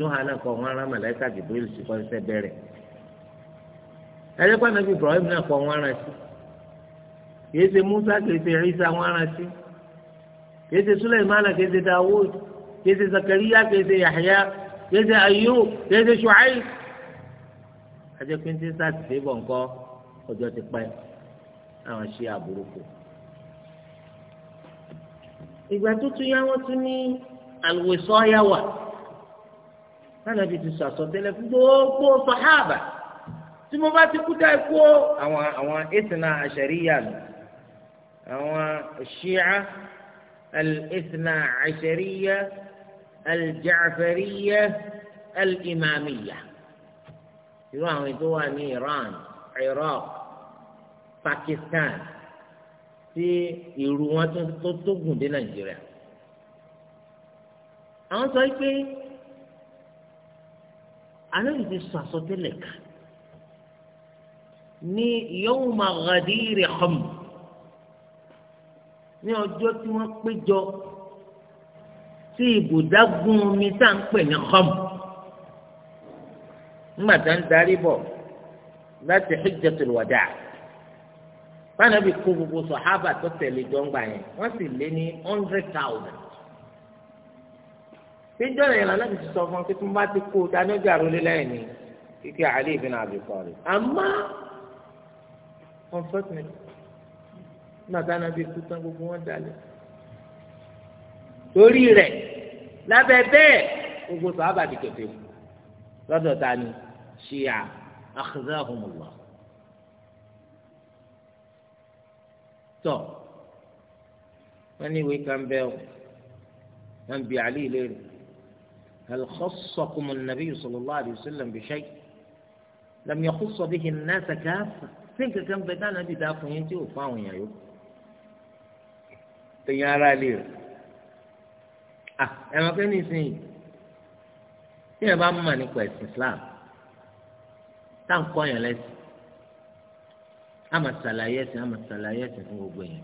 Speaker 2: Ibrahim náà kọ wọn kìí ṣe Musa kìí ṣe Isa wọn ara sí kìí ṣe Sulaimana kìí ṣe Dawud kìí ṣe Zakariya kìí ṣe Yahya kìí ṣe Ayub kìí ṣe Shuaib ajẹ́ pé tí sáà ti bọ̀ ńkọ́ ọjọ́ ti pẹ́ àwọn ṣe àbúrúkú. ìgbà tuntun yá wọ́n tún ní àlùwẹ̀sọ yá wà lánàbí ti sọ àsọtẹ́lẹ̀ gbogbo sàhábà tí mo bá ti kú dá ikú àwọn àwọn ètùnà àṣẹríyà nù. هو الشيعة الاثنى عشرية الجعفرية الإمامية يراهم يدوان إيران عراق باكستان في يروان تطبق من نجيريا أنا سأيكي أنا يدي ساسو تلك ني يوم غدير خمس ní ọjọ́ tí wọ́n péjọ sí ibùdágún omi tá à ń pè ní kham nígbà tá à ń darí bọ̀ láti hijjatul wada' fanabi kó gbogbo sọ̀hábà tó tẹ̀lé jọ́ngbà yẹn wọ́n sì lé ní hundred thousand péjọ yẹn lànà ti sọ fún ọ bá ti kó o dání ọjà àròlé lẹ́yìn ni kíkẹ́ Ali ibn Abi Talib àmọ́ unfortunately. nàdánà bíi kú tán gbogbo wọn dalẹ̀ torí rẹ̀ lábẹ́ bẹ́ẹ̀ gbogbo sọ abàdì kẹfẹ́ lọ́dọ̀ ta ni ṣìyà akhzahumullah tọ́ wọ́n ní ìwé kan bẹ́ẹ̀ o wọ́n bi àlè ìlérè hal khassakum an-nabiy sallallahu alayhi wa sallam bi shay' lam yakhus bihi an-nas kaffah sí nǹkan kan bẹ́ẹ̀ dáná bíi dáa fún yín tí ò fún àwọn èèyàn yòókù. tẹ̀yìn ara lè rẹ̀ à ẹ̀rọ pé nísìnyí tí yẹn bá ń nípa ẹ̀sìn Islam tá à ń kọ́ yẹn lẹ́sìn á mà ṣàlàyé ẹ̀sìn á mà ṣàlàyé ẹ̀sìn fún gbogbo yẹn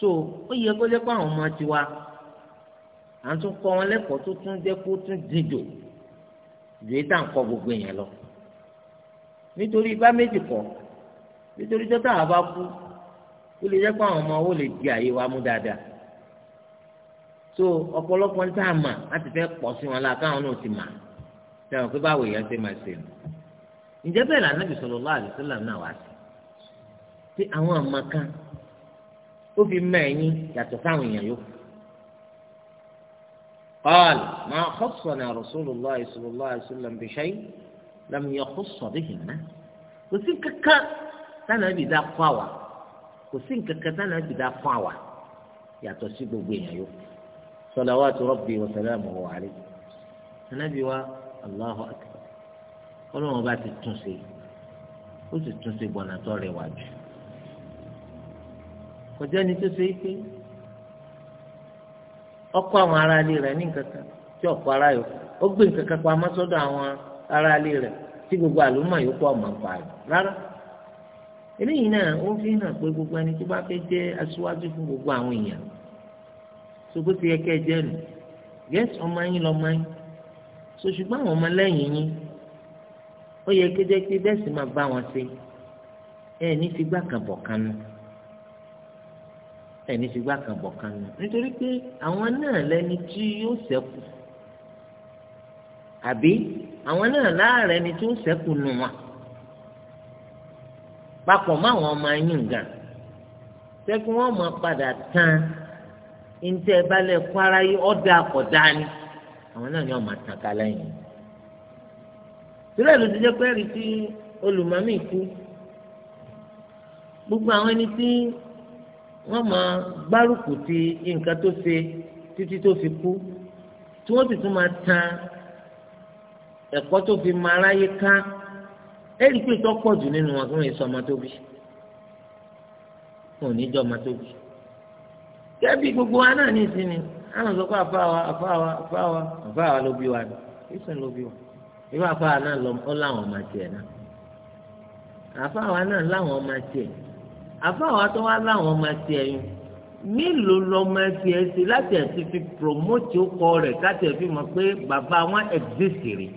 Speaker 2: so ó yẹ kó lé pé àwọn ọmọ tiwa à ń tún kọ́ wọn lẹ́kọ̀ọ́ tó tún jẹ́ kó tún dìjò ju èyí tá à ń kọ́ gbogbo yẹn lọ nítorí bá méjì kọ́ nítorí tó tá a kú ó lè jẹ́ pé àwọn ọmọ ó lè di àyè wa mú dáadáa so ọ̀pọ̀lọpọ̀ ń tà mà á ti fẹ́ pọ̀ sí wọn la káwọn náà ti mà sẹ́wọ̀n pé báwo èèyàn ṣe máa ṣe nù ǹjẹ́ bẹ́ẹ̀ là nàbì sallallahu alaihi náà wá sí tí àwọn àmọ́ kan ó fi mọ ẹ̀yìn yàtọ̀ sáwọn èèyàn yòókù قال ما خصنا رسول الله صلى الله عليه وسلم بشيء لم يخص به الناس وفي كك كان بذا قوى kò sí nǹkan kan tánà ti dá fún àwa gbogbo èèyàn yó wa salamuhu alayhi anábì wa Allahu akbar ọlọ́run bá ti tún ṣe ó sì tún ṣe bọ̀nà tó jù kọjá ni tó ṣe é pé ọkọ àwọn aráalé rẹ ní nǹkan kan tí ọkọ ara yòókù ó gbé nǹkan kan rẹ tí gbogbo àlùmọ̀ yòókù eléyìí náà ó fi hàn pé gbogbo ẹni tó bá fẹ́ jẹ́ aṣíwájú fún gbogbo àwọn èèyàn tó bó ti yẹ kẹ́ ẹ jẹ́ nù gẹ́sì ọmọ yín lọ́mọ yín so ṣùgbọ́n àwọn ọmọlẹ́yìn yín ó yẹ kí jẹ́ pé bẹ́ẹ̀ sì máa bá wọn ṣe ẹ ní fi gbà kan bọ̀ kan nu ẹ ní fi gbà kan bọ̀ kan nu nítorí pé àwọn náà lẹni tí yóò ṣẹ́kù àbí àwọn náà láàrẹ̀ ni tí ó ṣẹ́kù nù wọn papọ̀ mọ́ àwọn ọmọ yín gan sẹ́kùn wọn máa padà tán ntẹ́ balẹ̀ kó ara yìí ọ̀dà àkọ́dá ni àwọn náà ni wọ́n máa tàn ká lẹ́yìn. ìrẹ́lú ti jẹ́ pé rí tí olùmọ̀mí kú gbogbo àwọn ẹni tí wọ́n máa gbárùkù ti nǹkan tó ṣe títí tó fi kú tí wọ́n sì tún máa tan ẹ̀kọ́ tó fi máa ráyé ká ẹ̀rí pé tó pọ̀ jù nínú wọn fún èso ọmọ tó bí wọn ò ní jọ ọmọ tó bí kẹ́bí gbogbo wa náà ní ìsinmi àwọn sọ pé àfáwa àfáwa àfáwa wa ló bí wa ni ìsìn ló bí wa irú àfáwa náà ó láwọn ọmọ tiẹ̀ náà àfáwa náà láwọn ọmọ tiẹ̀ àfáwa tó wá láwọn ọmọ tiẹ̀ yìí mélòó lọmọ ẹsẹ ẹsẹ láti ẹsẹ fi promote ọkọ rẹ̀ káti ẹ fi pé bàbá wọn exist rè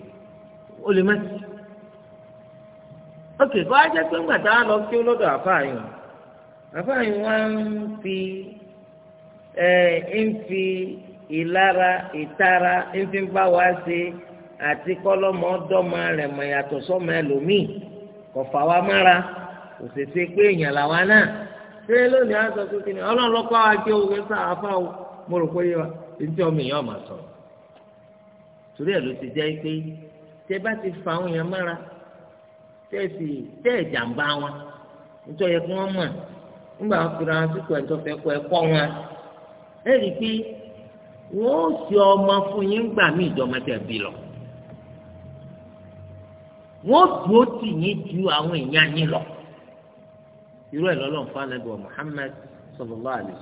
Speaker 2: ó lè mẹsì ok bó a nwata pé ńgbà tá a lọ kí ó lọ́dọ̀ àfààyàn àfààyàn wọn ń fi ẹ ń fi ìlara ìtara ń fi bá wa ṣe àti kọ́lọ́mọ dọ́mọ rẹ̀ mọ̀ yàtọ̀ sọ́mọ ẹlòmíì kò fà wá mára kò sì ṣe pé èèyàn làwa náà ṣé lónìí sọ ni ọlọ́run lọ́kọ́ tẹ́ẹ̀sì tẹ́ẹ̀ jàǹbá wọn nítorí kí wọ́n mọ̀ nígbà wọn fi ran sípò ẹ̀ tó fẹ́ kọ́ wọn ẹ̀ rí i pé wọ́n ó ọmọ fún yín gbà mí lọ wọ́n dúró tì yín ju àwọn èèyàn yín lọ irú ẹ̀ lọ́lọ́ fún anábìwọ̀ Muhammad sallallahu alaihi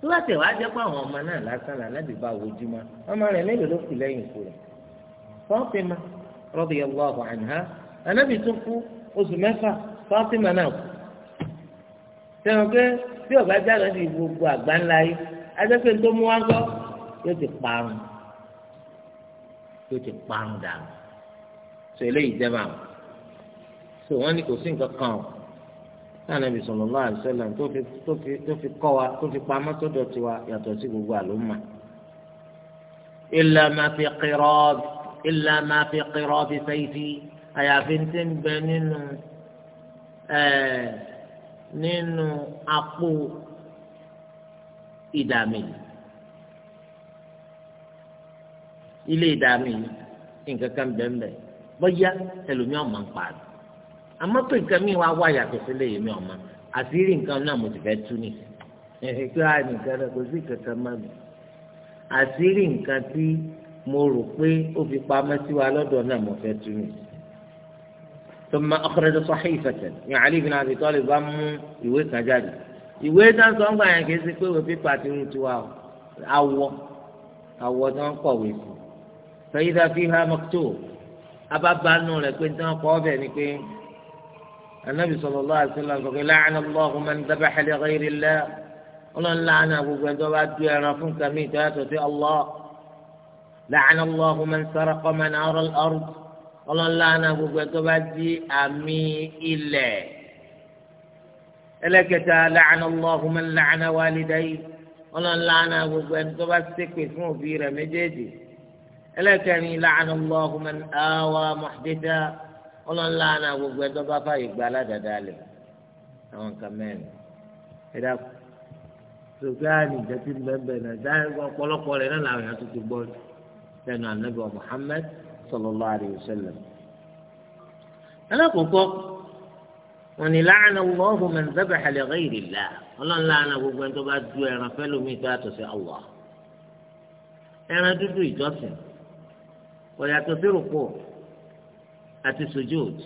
Speaker 2: tó bá tẹ̀ wá jẹ́ pé àwọn ọmọ náà lásán là lábì ma ọmọ rẹ̀ ló kù lẹ́yìn ànábì tún kú oṣù mẹ́fà Fátímà náà kú sẹ́wọ̀n pé bí ọ̀gá jáde ní gbogbo àgbá ńlá yìí adẹ́pẹ́ tó mú wá gbọ́ yóò ti parun yóò ti parun dànù sọ eléyìí jẹ́ báwọn sọ wọ́n ní kò sí nǹkan kan o sáànà bí sallallahu alaihi wasallam tó fi kọ́ wa tó fi pamọ́ sọ́dọ̀ tiwa yàtọ̀ sí gbogbo àlùmọ́ illa ma fi qirab illa ma fi qirab sayfi àyàfi ti ń bẹ nínú ẹ̀ẹ́ nínú apò ìdààmì ilé ìdààmì nǹkan kan bẹ́ẹ̀ bọ́yá ẹlòmíì ọ̀mọ̀ ń parí àmọ́ pé nǹkan mi wá wá yàtọ̀ sílé yèmí ọ̀mọ̀ àṣírí nǹkan náà mo ti fẹ́ tú ni kí wàá nìkan náà kò sí kankan má mi àṣírí nǹkan tí mo rò pé ó fi pamọ́ sí wa lọ́dọ̀ náà mo fẹ́ tú ni. ثم أخرج صحيفة ní Ali bin Abi Talib bá mú ìwé kan jáde ìwé tán sọ ń gbà yẹn kì í ṣe pé ìwé pépà ti ń tiwa o awọ awọ tí wọn kọwé sí fẹyìdá fi ha mọtò abábánú rẹ pé tí wọn kọ ọbẹ ni pé anabi sallallahu alaihi wasallam sọ pé la'ana Allahu man dhabaha li ghayri Allah Ọlọ́run la'ana gbogbo ẹjọ bá du ẹran fún kàmí ìtọ́yàtọ̀ sí Allah la'ana Allahu man saraqa manara al-ard ọlọ́nlá náà gbogbo ẹ̀ tó bá di àmì ilẹ̀ ẹlẹ́kẹta làánà lọ́hùnmọ́ làánà wàlídàáyì ọlọ́nlá náà gbogbo ẹ̀ tó bá ṣépè fún òbí rẹ̀ méjèèjì ẹlẹ́kẹrin làánà lọ́hùnmọ́ àwa mọ̀dẹ́dá ọlọ́nlá náà gbogbo ẹ̀ tó bá fàyè gba aládàáda lẹ̀ àwọn nǹkan mẹ́rin ẹ dákú sọgbẹ́ ànìjẹ́ ti náà dáhùn ọ̀pọ̀lọpọ̀ sallallahu alayhi wa sallam. alákòókò wọn ni láàánú Allahu man dhabaha li ghayri Allah ọlọ́run láàánú gbogbo ẹni tó bá du ẹran fẹ́lú mi tó yàtọ̀ sí Allah ẹran dúdú ìjọsìn kò yàtọ̀ sí rúkú àti sujud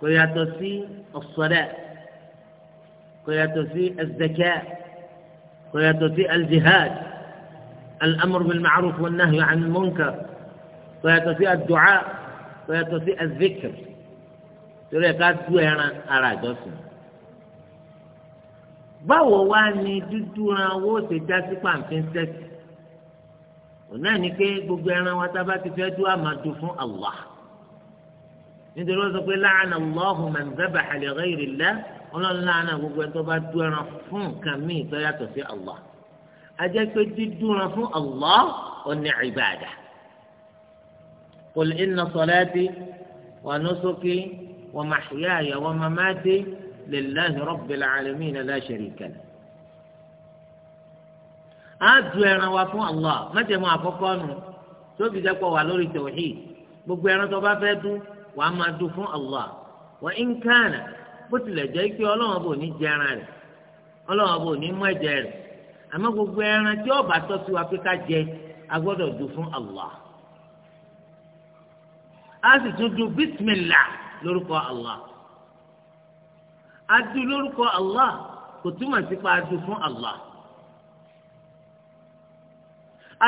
Speaker 2: kò yàtọ̀ sí as-salat kò yàtọ̀ sí az-zakat kò yàtọ̀ sí al-jihad al-amru bil-ma'ruf wan-nahyu 'anil-munkar. tó yàtọ̀ sí àdúà tó yàtọ̀ sí azikir torí ẹ̀ka dú ẹran ara ìjọsìn báwo wá ni dúdú ran owó ṣe já sí pàǹfin sẹ́sì òun náà ni pé gbogbo ẹran wa tá ti fẹ́ dú àmàdù fún Allah nítorí wọ́n sọ pé láàánà Allahu man dhabaha li ọlọ́run láàánà gbogbo ẹ̀ tó bá dú ẹran fún nǹkan míì tó yàtọ̀ sí Allah a jẹ́ pé dídú ẹran fún Allah ó ní قل إن صلاتي ونسكي ومحياي ومماتي لله رب العالمين لا شريك له adu ẹran wa fún allah mẹtẹmọ àkọ́kọ́ nù tóbi dẹpọ wà lórí tòwí gbogbo ẹran tó bá fẹ́ dún wàá máa dún fún allah wà ń kànà bó tilẹ̀ jẹ́ pé ọlọ́wọ́n bò ní jẹ ẹran rẹ̀ ọlọ́wọ́n wa a a sì tún du bismillah lórúkọ allah adu lórúkọ allah kò túmọ̀ sí pa adu fún allah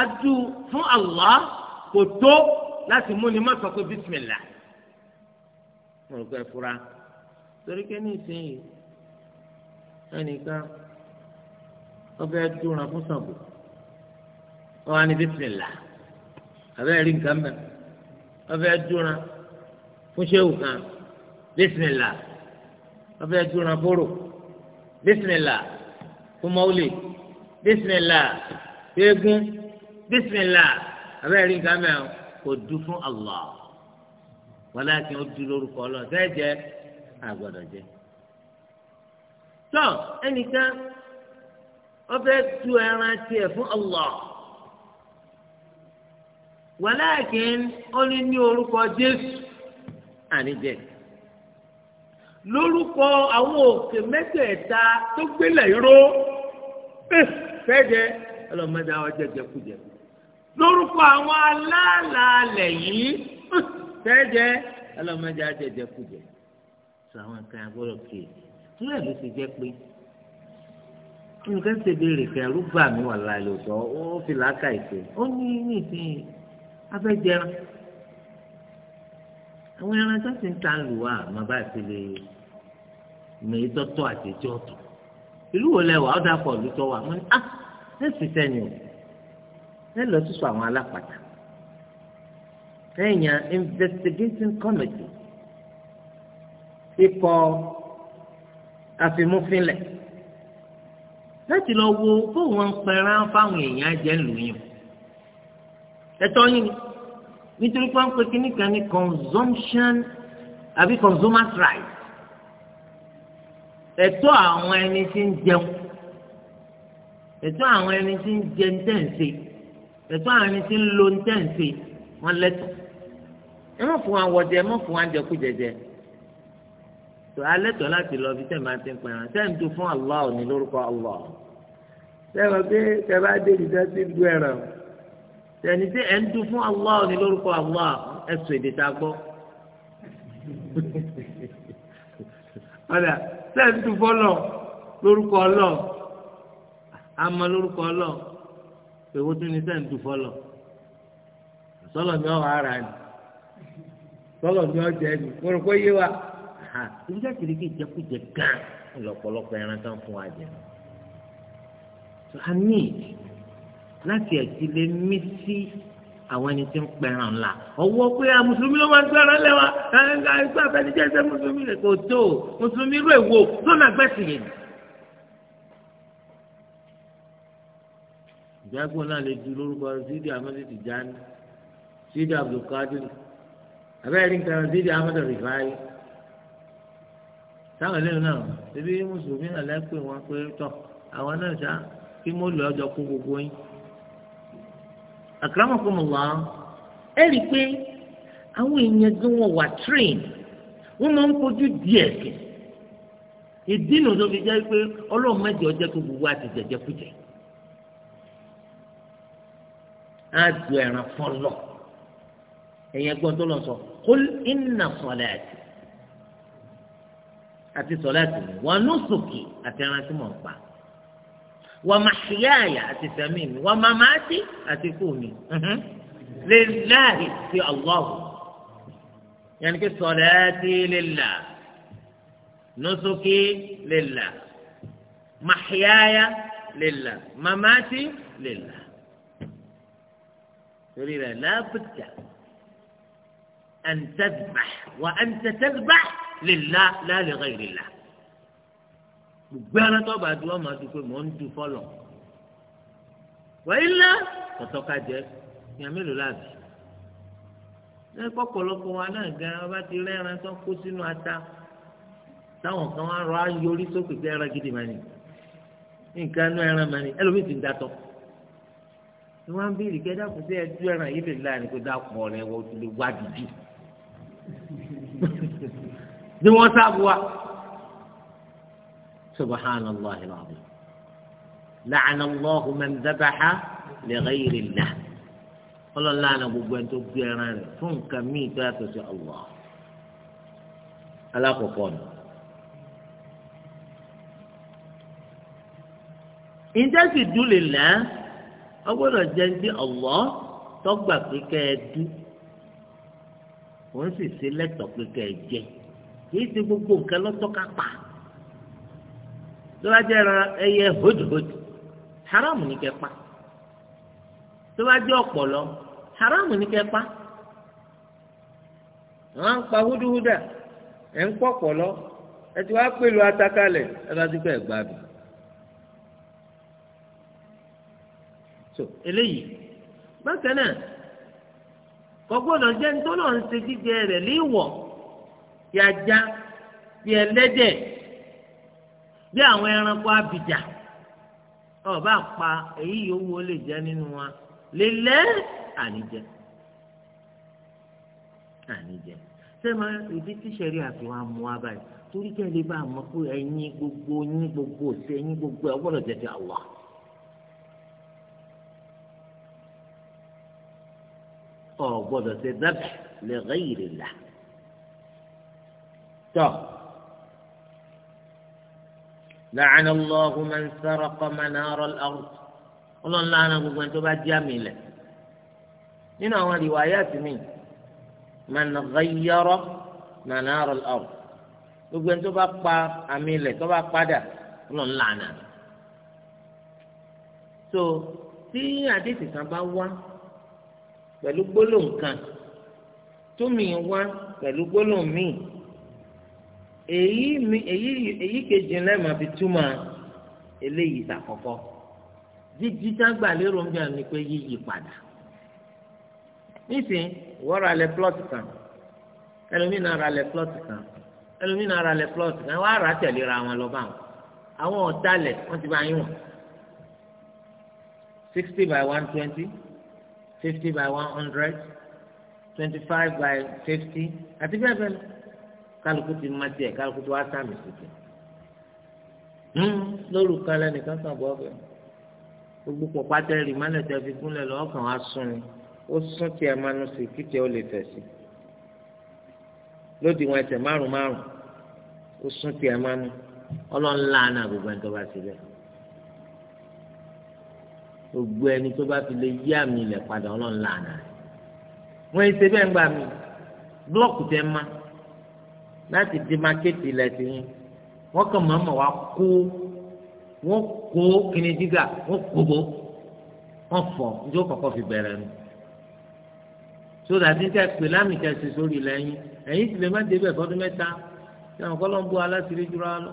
Speaker 2: adu fún allah kò tó láti múni má sọ pé bismillah mo rò pé fura torí pé ní ìsinyìí ẹnìkan ọbẹ̀ dúnra fún Ṣàngó wọn á ní bismillah abẹ́rẹ́ wọ́n fẹ́ dúnra fún ṣéwù kan bísímìlà wọ́n fẹ́ dúnra fóró bísímìlà fún mọ́wúlì bísímìlà fẹ́gún bísímìlà abẹ́rẹ́ nǹkan mẹ́rin kò dú fún Allah wọ́n láti ó dú lórúkọ ọlọ́run sẹ́ẹ̀ jẹ́ àgbọ̀dọ̀ jẹ́ tọ́ ẹnìkan wọ́n fẹ́ ẹran tiẹ̀ fún Allah wàláàkín ó ní ní orúkọ jésù àníjẹ lórúkọ àwọn òkè mẹ́tẹ̀ẹ̀ta tó gbélé ró eh, fẹjẹ ọlọmọdé àwọn jẹjẹkújẹ lórúkọ àwọn aláàlàálẹ yìí eh, fẹjẹ ọlọmọdé àwọn jẹjẹkújẹ sọ àwọn nǹkan agbọ́dọ̀ kéèké tí ẹ ló ti jẹ pé nǹkan ṣe béèrè kẹrù gbà mí wà láàlú sọ ó fi làákà ìpè ó ní ní ìsinyìí afẹ́ jẹran àwọn ẹran tó ti ń ta lù wá àmọ́ bá ti lè mèyí tọ́tọ́ àti etí ọ̀tọ̀ ìlú wo lẹ́wà ọ̀dà pọ̀ ló tọ́ wà mọ́ ni á ẹ sì sẹ́ni o ẹ lọ sísọ àwọn alápàtà ẹ̀yàn investigating committee ikọ̀ àfimúfinlẹ̀ láti lọ wo bóun ń pẹran fáwọn èèyàn jẹ́ lùyìn o ẹ̀tọ́ yín ni nítorí pé wọ́n pe kíní kan ní consumption àbí consumers right ẹ̀tọ́ àwọn ẹni tí ń jẹun ẹ̀tọ́ àwọn ẹni tí ń jẹ ntẹ̀ǹsẹ̀ ẹ̀tọ́ àwọn ẹni tí ń lo ntẹ̀ǹsẹ̀ wọ́n lẹ́tọ̀ ẹ má fún wa wọ̀jẹ ẹ má fún wa jẹkú jẹjẹ tó alẹ́ láti lọ bí sẹ́mi àti pẹ̀rẹ̀ sẹ́mi tó fún Allah òní lórúkọ Allah
Speaker 1: sẹ́mi pé sẹ́mi á dé ìdásí du ẹ̀rọ
Speaker 2: ẹni tí ẹ ń dún fún Allah ní lórúkọ Allah ẹ̀sùn èdè tá a gbọ́. ọ̀dà tẹ́ ń dún fọ́lọ̀ lórúkọ ọlọ́ àmọ́ lórúkọ ọlọ́ èwo tún ni tẹ́ ń dún fọ́lọ̀ sọlọ ni ọ̀hún ara ni sọlọ ni ọjà ni mo yé wa ibi tí a kiri kí ìjẹkújẹ ẹran tán fún wa jẹ. so i need láti ẹ̀sìn lè mí sí àwọn ẹni tí ń pẹran ńlá ọwọ́ pé a mùsùlùmí ló máa ń pẹran lẹ́wà ẹgbẹ́ àfẹnijẹ́ ẹsẹ̀ mùsùlùmí rẹ̀ kò tó mùsùlùmí rẹ̀ wò lọ́nà gbẹ̀sìn yìí. ìjágbó náà lè ju lórúkọ sídìí ahmed tijani sídìí abdulkadir abẹ́rẹ́ nǹkan sídìí ahmed rifai táwọn eléyìí náà ebi mùsùlùmí náà lẹ́pẹ́ wọn pé tọ́ àwọn náà ṣá kí mo lè ọjọ́ kó gbogbo yín akramakumullah ẹ rí i pé àwọn èèyàn gan wọn wà train wọn máa ń kojú díẹ̀ sí ìdí nù tó fi jẹ́ pé ọlọ́run mẹ́jọ jẹ́ kó gbogbo àti jẹjẹkújẹ á ju ẹran fọlọ ẹ̀yẹn gbọ́n tó lọ sọ kul inna salati àti sọláàtì mi wà nùsùkì àti ẹran tí mò ń pa ومحياي أتسامين ومماتي أتكوني لله في الله يعني صلاتي لله نسكي لله محياي لله مماتي لله تريد لا بد أن تذبح وأنت تذبح لله لا لغير الله gbogbo ẹran tó bá dùn ọmọ àdúgbò mọ̀ ń dùn fọlọ̀ wẹ́yìn lẹ́ kọ̀tọ́ka jẹ́ ìyá mélòó láàbì ẹ kọ́pọ̀lọpọ̀ wa náà gan ọba ti rẹ́ran tó kó sínú ata táwọn kan wá rọ ayọrí sókè pé ẹran gidi mani nǹkan inú ẹran mani ẹlòmíì ti ń datọ́ ni wọ́n ń bèèrè kẹ́dá sí ẹdú ẹran yìí lè láàrin kó dá pọ̀ wọ́n ti lè wá dìdì ni wọ́n sábò subahana allah ilaahi laana allah man dabaxa lẹ́gẹ́yìrì la ọlọ́lá àná gbogbo ẹni tó gbé ẹran rẹ̀ fún nǹkan míì tó yàtọ̀ sí allah alákọ̀ọ́kọ́ ni. ìjẹ́sì dúlè lẹ́ ọgbọ́dọ̀ jẹ́ ní Allah tọ́gbà pé kẹ́ ẹ dú òun sì ṣe lẹ́tọ̀ pé kẹ́ ẹ jẹ kìí ṣe gbogbo nǹkan lọ́tọ́ ká pa tó bá ẹyẹ hudhud haram ní kẹ́ pa ọ̀pọ̀lọ́ haram ní pa wọ́n ń pa húdúhúdà ẹ̀ ń pọ̀ pọ̀lọ́ ẹ ti wá pèlú atakalẹ̀ ẹ bá ti so eléyìí bákan náà jẹ́ ṣe jíjẹ rẹ̀ bí àwọn ẹranko abìjà ọba pa èyí yòówù ó lè jẹ nínú wa lélẹ̀ àníjẹ àníjẹ sẹ́mi ìdí tíṣẹ̀rí àti wa mú wa báyìí torí kẹ́ ẹ lè bá a mọ̀ pé ẹ̀yin gbogbo yín gbogbo òsè ẹ̀yin gbogbo ẹ̀ gbọ́dọ̀ jẹ́ ọ̀ gbọ́dọ̀ ṣe dábì li ghayrillah. tọ́. لعن الله من سرق منار الأرض. ard ọlọ́run lánàá gbogbo ẹni tó bá di àmì ilẹ̀ nínú àwọn riwayat mi man ghayyara manara al-ard gbogbo ẹni tó bá pa àmì ilẹ̀ tó bá padà ọlọ́run lánàá so tí àdéhùn kan bá wá pẹ̀lú gbólóhùn kan tómi wá pẹ̀lú gbólóhùn míì èyí mi èyí èyí kejì ńlẹ mà fi túmọ̀ eléyìí sàkọ́kọ́ jíjí tágbà lérò ń bíà ní pé yíyí padà nísìnyí wọ́n ra lẹ plọ́ọ̀tì kan ẹlòmínà ra lẹ plọ́ọ̀tì kan ẹlòmínà ra lẹ plọ́ọ̀tì kan wọ́n á rà á tẹ̀léra wọn lọ́ba wọn àwọn ọ̀dàlẹ̀ wọ́n ti bá yín wọ̀n sixty by one twenty fifty by one hundred twenty five by fifty àti bẹ́ẹ̀ bẹ́ẹ̀ lọ kálukú ti má tiẹ̀ kálukú ti wá sàmì tuntun hmm, lóru kan lẹ́nìkan kan bọ́ ọ̀fẹ́ gbogbo pọ̀pá tẹ́ rì má lẹ́tẹ̀ fi gúnlẹ̀ lọ ọkàn wá sún ni ó sún tiẹ̀ mánú sí kí tiẹ̀ ó lè fẹ̀ sí lódì wọn ẹsẹ̀ márùn márùn ó sún tiẹ̀ mánú ọlọ́nla àná gbogbo ẹni tó bá ti bẹ̀ gbogbo ẹni tó bá fi lè yí àmì ilẹ̀ padà ọlọ́nla àná wọ́n ẹsẹ̀ bẹ́ẹ̀ ń gbà mí blọ́ọ̀kù tẹ́ máa láti di mákètì ilẹ̀ sí yín wọ́n kàn máa mọ̀ wá kó wọ́n kó kíni dígà wọ́n kóbó wọ́n fọ̀ ní ó kọ́kọ́ fi bẹ̀rẹ̀ nu so dàdí tẹ pé lámì tẹ ṣe sórí ilẹ̀ yín ẹ̀yìn sì lè má débẹ̀ fọdún mẹ́ta tí àwọn kọ́ aláṣírí jùlọ lọ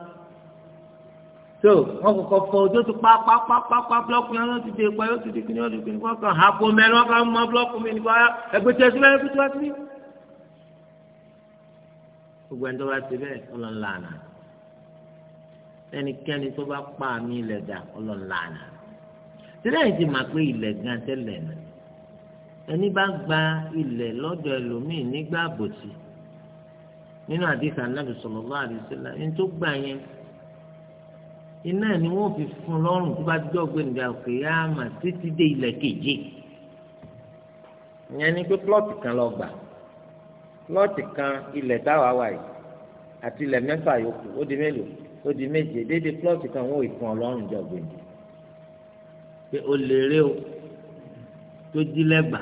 Speaker 2: so wọ́n kọ́kọ́ fọ ojú tó pa pa pa pa pa blọọkù yẹn wọ́n ti dé pa yóò ti di kíni yóò ti di kíni wọ́n kàn hapò mẹ́rin wọ́n kàn
Speaker 1: mọ blọọkù mi nípa ẹgbẹ́ tẹ̀síwájú ẹgbẹ́ tẹ̀síwájú
Speaker 2: gbogbo ẹni tó bá ti bẹ́ẹ̀ ọlọ́nlànà ẹnikẹ́ni tó bá pa àmì ilẹ̀ dà ọlọ́nlànà tẹ́lẹ̀ ti mà pé ilẹ̀ gan tẹ́lẹ̀ nà ẹni bá gba ilẹ̀ lọ́dọ̀ ẹlòmíì nígbà àbòtí nínú àdìsá nàbì sallallahu alaihi wasallam ẹni tó gbà yẹn iná ni wọ́n fi fún lọ́rùn tó bá dọ́gbẹ́ nígbà òkè yá mà títí dé ilẹ̀ keje ìyẹn ni pé plọ́ọ̀tì kan lọ gbà plọ́ọ̀tì kan ilẹ̀ táwa wà yìí àti ilẹ̀ mẹ́fà yòókù ó di mélòó ó di méje déédéé plọ́ọ̀tì kan wọ́n ìfún ọlọ́run jọ gbèǹdé pé o lè rí o tó di lẹ́gbà.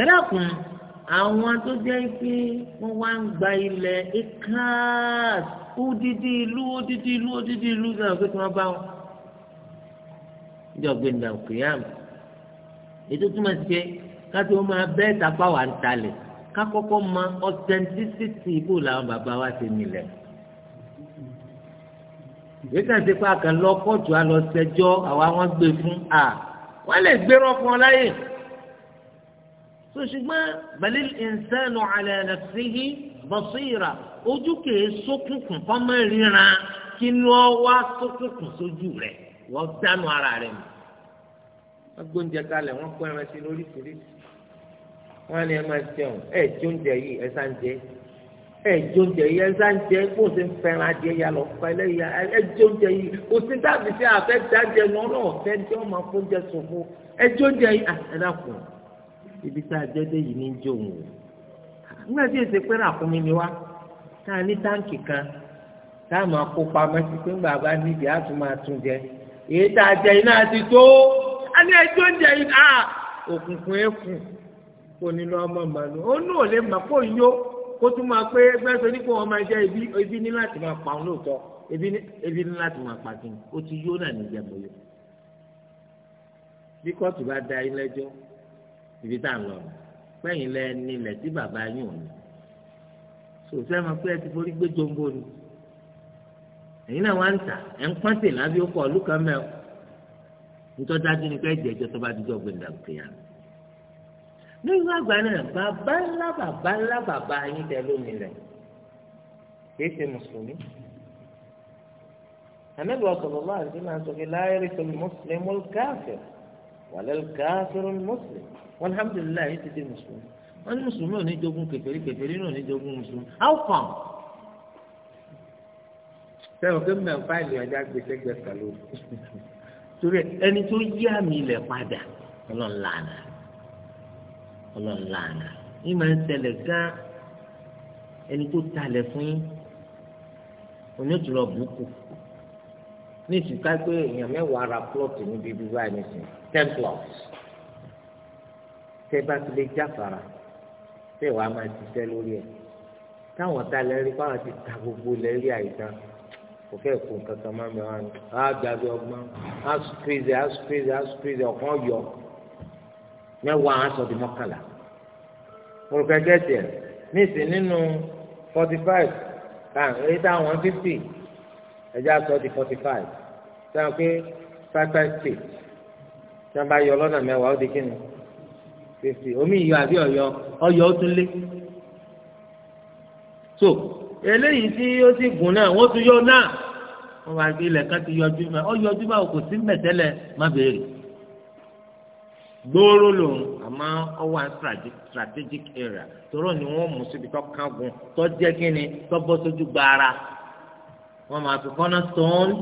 Speaker 2: ẹ àwọn tó jẹ́ pé wọ́n wá ń gba ilẹ̀ ekaas odidi ìlú odidi ìlú odidi ìlú náà pé kí wọ́n bá wọn. ìjọba ìdàgbìyàmù ètò tó máa ṣe káàtó máa bẹ́ẹ̀ tapá wà ń talẹ̀ kakọ́kọ́ ma authenticity ibò làwọn bàbá wa ti nílẹ̀ yíká ti pa kàn lọ kóòtù alọ sẹjọ́ àwa wọn gbé fún a wọn lè gbérọ fún ọ láyè tó ṣùgbọ́n balil insanu ala nafsihi basira ojú kèé sókùnkùn kọ́mọ́ ríran kí ni ọ wá sókùnkùn sójú rẹ̀ wọ́n dánú ara rẹ̀ mọ́. wọ́n gbóúnjẹ kalẹ̀ wọ́n kó ẹran sí lóríṣiríṣi wọ́n ní ẹ máa jẹun ẹ jó oúnjẹ yìí ẹ sá ń jẹ ẹ jó oúnjẹ yìí ẹ sá ń jẹ kó o ti ń fẹ́ràn adìẹ ya lọ fẹ́ lẹ́yìn ẹ jó oúnjẹ yìí kò sí dábì sí àfẹ́ dájẹ wọn náà fẹ́ jẹ́ ọmọ fóúnjẹ sòfò ẹ jó oúnjẹ yìí ẹ dàpọ̀ ibi tá a jẹ́ dé yìí ní jòun o nígbà tí èsì pé ràkúnmí ni wá tá a ní táǹkì kan tá a máa kó pamọ́ sí pé ńgbà bá nídìí á tún máa tún jẹ èyí tá a jẹ iná ti tó kó nínú ọmọ mànú ó nù ò lè mà kó yó kó tún máa pé gbẹ́sẹ̀ ní kó wọn máa jẹ́ ebi ebi ní láti máa pa òun lóòótọ́ ebi ní láti máa pa kìnnì ó ti yó náà ní ìjẹ̀bù yó bí kóòtù bá da yín lẹ́jọ́ ibi tá à ń lọ pẹ́yìn lẹ nílẹ̀ tí bàbá yín ò ní sòsẹ́ máa pé ẹ ti forí gbé jombo ni ẹ̀yin náà wá ń tà ẹ̀ ń pọ́ńtì lábí ó ọ̀lú kan mẹ́ọ̀ nítorí dájú ni pé ẹ̀jẹ̀ ìjọ tó bá dijọ́ gbẹ̀ndà òkè yàrá nínú àgbà náà bàbá ńlá bàbá ńlá bàbá yín tẹ lómi rẹ̀ kìí ṣe mùsùlùmí ànábì sallallahu alaihi wasallam sọ pé la yarithu al-muslimu al-kafir wala al-kafiru al-muslim walhamdulillah yìí ti di mùsùlùmí wọn ní mùsùlùmí ò ní jogún kèfèrí kèfèrí náà ò ní jogún mùsùlùmí how come
Speaker 1: sẹ́wọ̀n pé mẹ́rin fáìlì ọjà gbèsè gbèsè lórí
Speaker 2: torí ẹni tó yí àmì ilẹ̀ padà ọlọ́run lánàá ọlọ́run lànà yín máa ń ṣẹlẹ̀ gán ẹni tó talẹ̀ fún yín onítùrọ̀ bùkù ní ìtúká pé èèyàn mẹ́wàá ra plọ́ọ̀tì níbi bíbá ẹni sìn ten plots tẹ bá ti lè jáfara tẹ wàá máa ṣiṣẹ́ lórí ẹ̀ táwọn talẹ̀ rí báwọn ti ta gbogbo lẹ́rí àìsàn kò fẹ́ kó nǹkan kan máa ń bẹ wọn á gbàgbé ọgbọ́n á sùpèsè á sùpèsè á sùpèsè ọ̀kan yọ mẹ́wàá aṣọ di mọ́kànlá olùkọ́ ẹgbẹ́ tiẹ̀ níìsín nínú forty five èyí táwọn fifty ẹ̀jẹ̀ aṣọ di forty five sẹ́wọ̀n pé five five six tí wọ́n bá yọ lọ́nà mẹ́wàá ó di kíni fifty omi ìyọ àbí ọ̀yọ́ ọ̀yọ́ ó tún lé so eléyìí tí ó sì gùn náà wọ́n tún yọ náà wọ́n bá gbé ilẹ̀ kan ti yọjú mẹ́ ọ yọjú báwo kò sí mẹ́tẹ́lẹ̀ má béèrè gbòòrò lòun àmọ́ ọwọ́ strategic area tọrọ ni wọ́n mú síbi tó kángun tó jẹ́ kínni tó bọ́ sójú gbàrà wọ́n máa fi cornerstone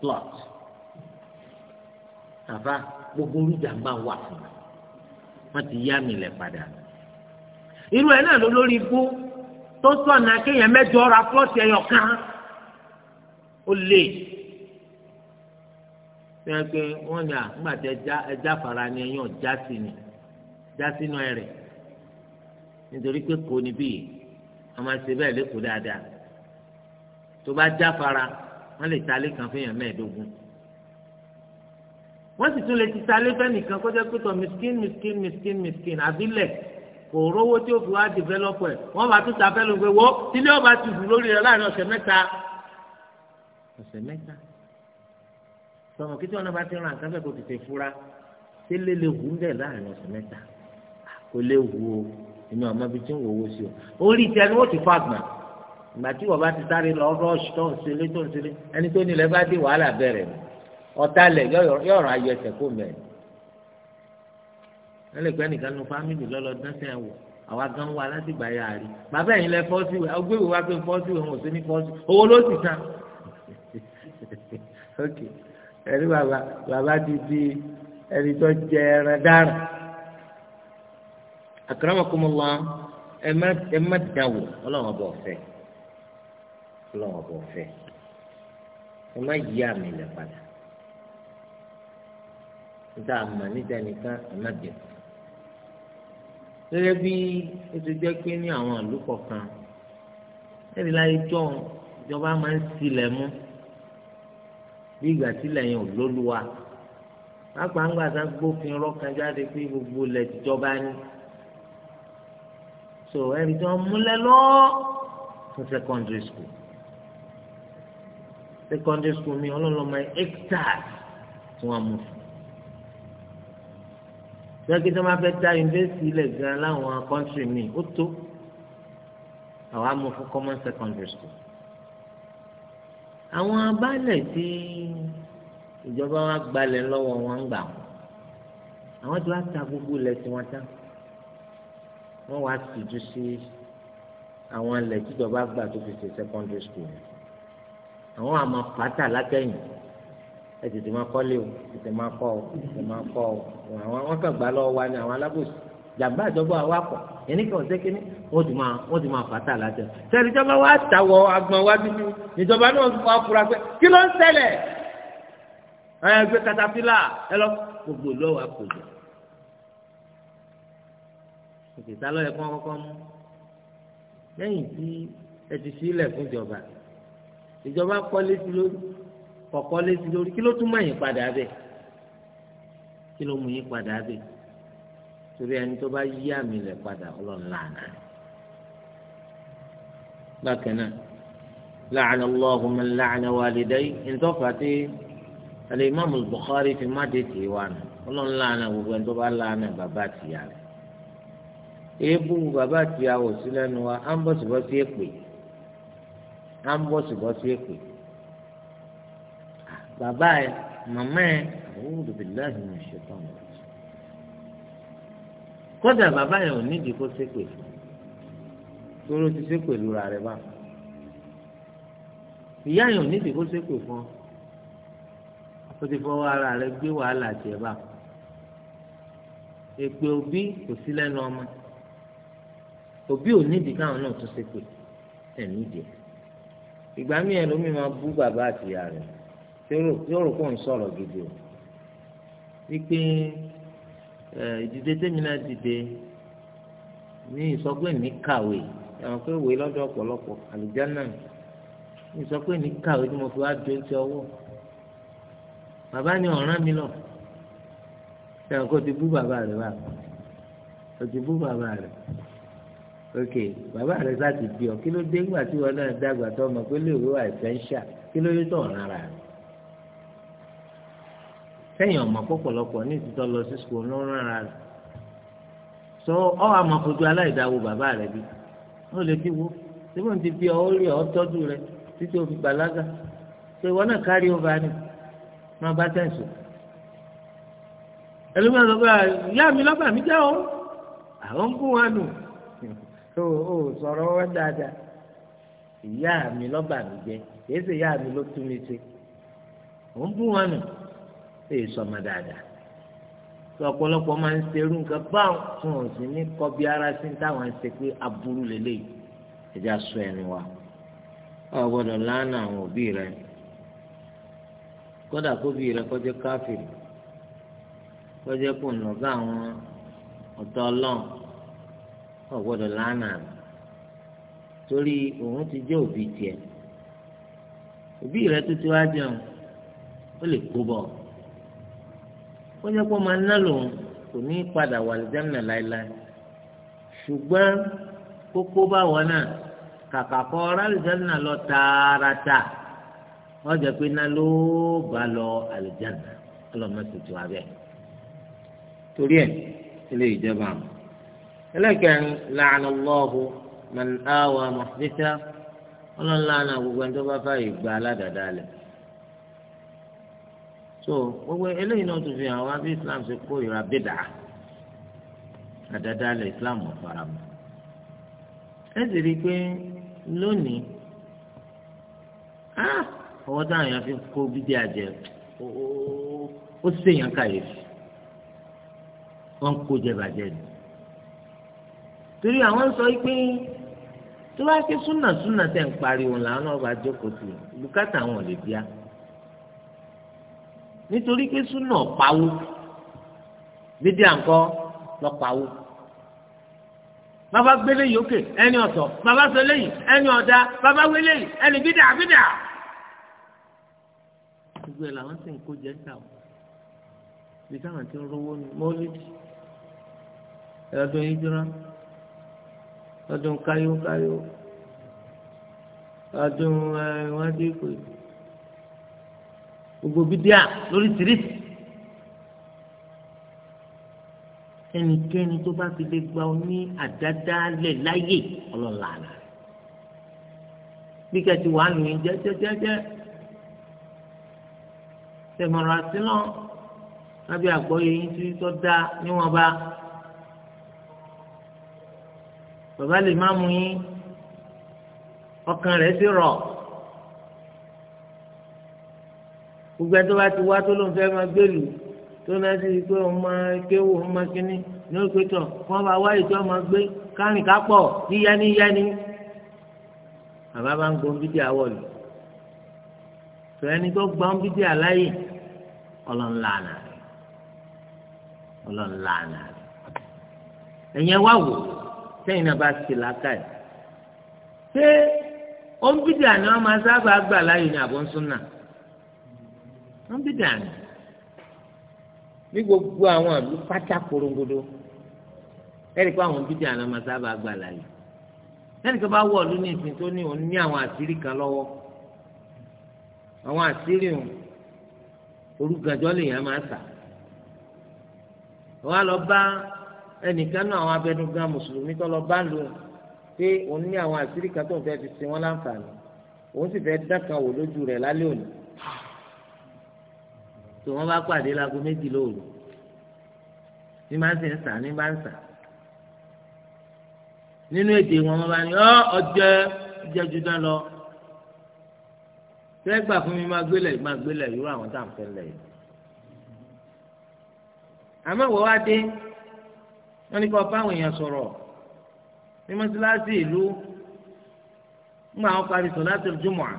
Speaker 2: plot àbá gbogbo olùjàmbá wà fún mi wọ́n ti yá mi lẹ̀ padà irú ẹ̀ náà ló lórí ikú tó sọ̀nà kéèyàn mẹ́jọ ra plot ẹ̀yọ̀ kan ó lè fẹ́ẹ́ pé wọ́n ní àgbà tẹ ẹja fara ni ẹ̀yàn já sí ni já sínú ẹ̀rẹ̀ nítorí pé kò níbí yìí wọ́n máa ṣe bẹ́ẹ̀ lẹ́kọ̀ọ́ dáadáa tó bá já fara wọ́n lè ta lé kan fún yàn mẹ́ẹ̀ẹ́dógún wọ́n sì tún lè ti ta lé fẹ́nìkan kó jẹ́ pé tọ̀ miskin miskin miskin miskin àbílẹ̀ kò rówó tí ó fi wá dìvẹ́lọ́pọ̀ ẹ̀ wọ́n bá tún ta fẹ́ ló gbé wọ́ tílé ọba ti dùn lórí rẹ̀ láàrin ọ̀sẹ̀ mẹ́ta ọ̀sẹ̀ mẹ́ta sọmọ kí tí wọn náà bá ti ràn kán fẹ́ kó tètè fura ṣé lélẹ wù ń bẹ láàrin ọ̀sẹ̀ mẹ́ta kò lè wù ó inú ọmọ bíi tí ń wò ó sí o orí ìtẹ ni wọn ti fọ àgbà ìgbà tí wọn bá ti sáré lọ rọọṣì tó ń ṣẹlẹ̀ tó ń ṣẹlẹ̀ ẹni tó nílẹ̀ bá dé wàhálà bẹ̀rẹ̀ ọ̀tá lẹ yọrọ ayọ ẹsẹ̀ kó mẹ́rin ẹlẹgbẹ́ nìkan nu fámìlì lọlọ dẹsẹ wọ àwa gan wa láti gbà yà rí bàbá yìí lẹ fọsí wẹ ọgbẹwò wa pé fọsí wẹ òun ò sí ní fọsí owó ló sì san ok ẹni bàbá bàbá ti di ẹni tó jẹ ẹran dára akramakumullah ẹ má ẹ má dàwọ Ọlọ́run ọba ọfẹ Ọlọ́run ọba ọfẹ ẹ má yí àmì ilẹ̀ padà níta àmà níta nìkan ẹ má bẹ̀ gẹ́gẹ́ bí ó ti jẹ́ pé ní àwọn àlùkò kan ẹ̀rí láyé jọ́ ìjọba máa ń silẹ̀ mú bí ìgbà sílẹ̀ yẹn ò lóluwa pápá ń gbàdá gbófin rọ́kan jáde pé gbogbo ilẹ̀ tìjọba ni so ẹni tí wọ́n múlẹ̀ lọ fún secondary school secondary school mi ọlọ́lọ́mọ hectares tí wọ́n mú fún gbẹ́gẹ́ tó máa fẹ́ ta yunifásitì ilẹ̀ gan láwọn kọ́ńtì mi ó tó àwa mú fún common secondary school àwọn abálẹ̀ tí ìjọba wa gbalẹ̀ lọ́wọ́ wọn ń gbà wọn àwọn tí wọ́n ta gbogbo ilẹ̀ tí wọ́n tán wọ́n wá tìjú sí àwọn ilẹ̀ tíjọba gbà tó fi ṣe secondary school àwọn àmọ́ pátá látẹ̀yìn ẹ tètè máa kọ́lé o tètè máa kọ́ o tètè máa kọ́ o àwọn wọn kàn gbà lọ́wọ́ wa ni àwọn alábòsí jàǹbá àjọgbọ́ àwọn akọ ẹnìkan ọ̀sẹ̀ kínní wọ́n ti máa wọ́n ti máa fàtà lájọ. sẹ́ni ìjọba wa tàwọ̀ agbọ̀n wájú ní ìjọba náà wà fura pé kí ló ń ṣẹlẹ̀ ẹ gbé katapila ẹ lọ gbogbo lọ́wọ́ àpòjọ. òkèta lọ́yẹ̀ kán kọ́kọ́ mú lẹ́yìn tí ẹ ti sílẹ̀ fún ìjọba ìjọba kọ́ létí lórí kọ̀kọ́ létí lórí kí ló tún mọ̀ yín padà bẹ́ẹ̀ kí ló mú yín padà bẹ́ẹ̀ torí ẹni tó bá yí àmì rẹ̀ padà ọlọ́run lànà rẹ̀ bákan náà la'ana Allahu man la'ana walidayhi ntọ́fà tí al-Imam al-Bukhari fi má dé tì í wà nù ọlọ́run lànà gbogbo ẹni tó bá lànà bàbá àtìyá rẹ̀ èébú bàbá àtìyá wò sí lẹ́nu wa à ń bọ̀ síbọ̀ sí èpè à ń bọ̀ síbọ̀ sí èpè ah, bàbá ẹ màmá ẹ àwọn olùdókòwò láti mọ̀ tán wọn kódà bàbá yẹn ò nídìí kó ṣépè tóró ti ṣépè lura rẹ bá ìyá yẹn ò nídìí kó ṣépè fún ọ ó ti fọwọ́ ara rẹ gbé wàhálà jẹ bá èpè òbí kò sí lẹ́nu ọmọ òbí ò nídìí káwọn náà tún ṣépè ẹ̀ nídìí ìgbà míì ẹlòmíì máa bú bàbá àti ìyá rẹ tí ó rò pé òun sọ̀rọ̀ gidi o wípé ìdìde tèmi náà dìde ní ìsọpé ní kàwé àwọn pé wèé lọ́dọ̀ ọ̀pọ̀lọpọ̀ àlùjáná ní ìsọpé ní kàwé tí mo fi wá dé ti ọwọ́ bàbá ni ọ̀ràn mi lọ sẹ́wọ̀n kó ti bú bàbá rẹ̀ wá kó ti bú bàbá rẹ̀ ok bàbá rẹ̀ sá ti bí ọ kí ló dé ńgbà tí wọn náà dàgbà tó ọmọ pé léèwé wà ẹ̀fẹ́ ń ṣà kí ló dé tó ọ̀ràn rà rẹ̀ sẹ́yìn ọmọ pọ̀pọ̀lọpọ̀ ní ìtútọ́ lọ sí sukùl ló ń rárá rẹ̀ so ọ àmọ́ fojú aláìdáwó bàbá rẹ̀ bí ó lè ti wo tí mò ń ti bí ọ rí ọ tọ́jú rẹ títí o fi gbàlágà so ìwọ náà kárí ọba ni máa bá sẹ́ǹsì ẹlòmíràn lọ bá ìyá mi lọ́gbà mi jẹ́ o àwọn ń gún wa nù o ò sọ̀rọ̀ wọn dáadáa ìyá mi lọ́gbà mi jẹ́ èyí sì ìyá mi ló tún mi ṣe ò ń wa nù èyí sọmọ dáadáa tó ọ̀pọ̀lọpọ̀ máa ń serú nǹkan báwọn tí wọn sì ní kọbi ara sí táwọn ń ṣe pé aburú lélẹ́yìí ẹja sọ ẹnu wa ọ gbọ́dọ̀ lánà àwọn òbí rẹ kódà kóbi rẹ kọjá káfíìn kọjá kò nàgá àwọn ọ̀tọ̀ ọlọ́run ọ gbọ́dọ̀ lánà torí òun ti jẹ́ òbí tiẹ̀ òbí rẹ tó ti wá jẹun ó lè kó bọ̀ wọ́n jẹ́ pé ọmọ aná lòun kò ní padà wà lìjẹ́mìnà láéláé ṣùgbọ́n kókó báwọn náà kàkà kọ́ ọ̀rá lìjẹ́mìnà lọ tààràtà wọ́n jẹ́ pé iná ló bá lọ àlìjẹ́mìnà ọlọ́mọ tuntun abẹ́ torí ẹ̀ ilé ìjọba àmọ́ ẹlẹ́kẹ̀rin làánà lọ́ọ̀hù mẹ́ni àwọn àmọ̀ fífẹ́ ọlọ́ńlá náà gbogbo ẹni tó bá fà yìí gba aládàáda lẹ̀ so gbogbo eléyìí náà tún fi hàn wá bí islam ṣe kó ìra bídà àdáda lẹ islam ọ̀faramọ́ ẹ sì rí i pé lónìí ọwọ́ táwọn èèyàn fi kó bídí àjẹ ó ṣèyàn kàyéfì wọ́n kó jẹ bàjẹ́ ni torí àwọn sọ pé tó bá ké súnà súnà tẹ̀ ń pariwo làwọn náà jókòó sí i bùkátà àwọn ò lè bíá nítorí pé súnà pawó bídí àǹkọ lọ pawó bàbá gbélé yìí òkè ẹni ọ̀tọ̀ bàbá sọlé yìí ẹni ọ̀dá bàbá wélé yìí ẹni bídà bídà gbogbo ẹ̀ làwọn sì ń kó jẹ́ níta o bí táwọn ti ń rówó ni mọ́lídì ẹ̀rọ̀dún ìdúrà ọdún káyó káyó ọdún ẹ̀ wọ́n gbogbo bídíà lórí tìrìtì ẹnikẹ́ni tó bá fi lè gba ọ ní àdádálẹ̀ láyè ọlọ́làlà bí kẹ́tì wàá nù yín jẹ́jẹ́jẹ́jẹ́ tẹ̀mọ̀rọ̀ àti náà lábẹ́ àgbọ́yé yín tí tó dá níwọ̀n bá bàbá lè má mú yín ọkàn rẹ̀ sì rọ̀. gbogbo ẹni tó bá ti wá tó ló ń fẹ́ máa gbèlú tó náà sì pé òun máa kéwò òun máa kíní ní òkè tán kí wọ́n bá wá ìjọ máa gbé kárìn kápọ̀ yíyání yíyání. bàbá bá ń gbọ́n bídí àwọ̀ lù tó ẹni tó gbọ́n bídí àláyè ọlọ́nlànà ọlọ́nlànà ẹ̀yẹn wá wò sẹ́yìn náà bá ti làákàyè ṣé ó ń àná máa sábà gbà láyè ní àbọ̀nsúnà wọ́n bí dànù ní gbogbo àwọn àlù pátá korongodo ẹ̀rí pé àwọn bídìí àná máa sábà gbà láàyè ẹnìkan bá wọ ọdún ní ìsìn tó ní òun ní àwọn àṣírí kan lọ́wọ́ àwọn àṣírí òun orúgànjọ́ lèèyàn máa sà wọ́n á lọ bá ẹnìkan náà àwọn abẹnugan mùsùlùmí tó lọ bá lò ó pé òun ní àwọn àṣírí kan tó ń fẹ́ fi sin wọn láǹfààní òun sì fẹ́ dákan wò lójú rẹ̀ lálẹ́ òní tó wọn bá pàdé láago méjì lóru ní máa ń sè ń sà ní bá ń sà nínú èdè wọn bá ní ọ ọjọ jíjẹ ju dán lọ tẹ gbà fún mi máa gbélé máa gbélé irú àwọn tá à ń fẹ́ lẹ̀ yìí ìwọ wá dé wọ́n ní kó báwọn èèyàn sọ̀rọ̀ ní mọ́sálásí ìlú ń gbà wọn parí sọ̀ láti jùmọ̀ à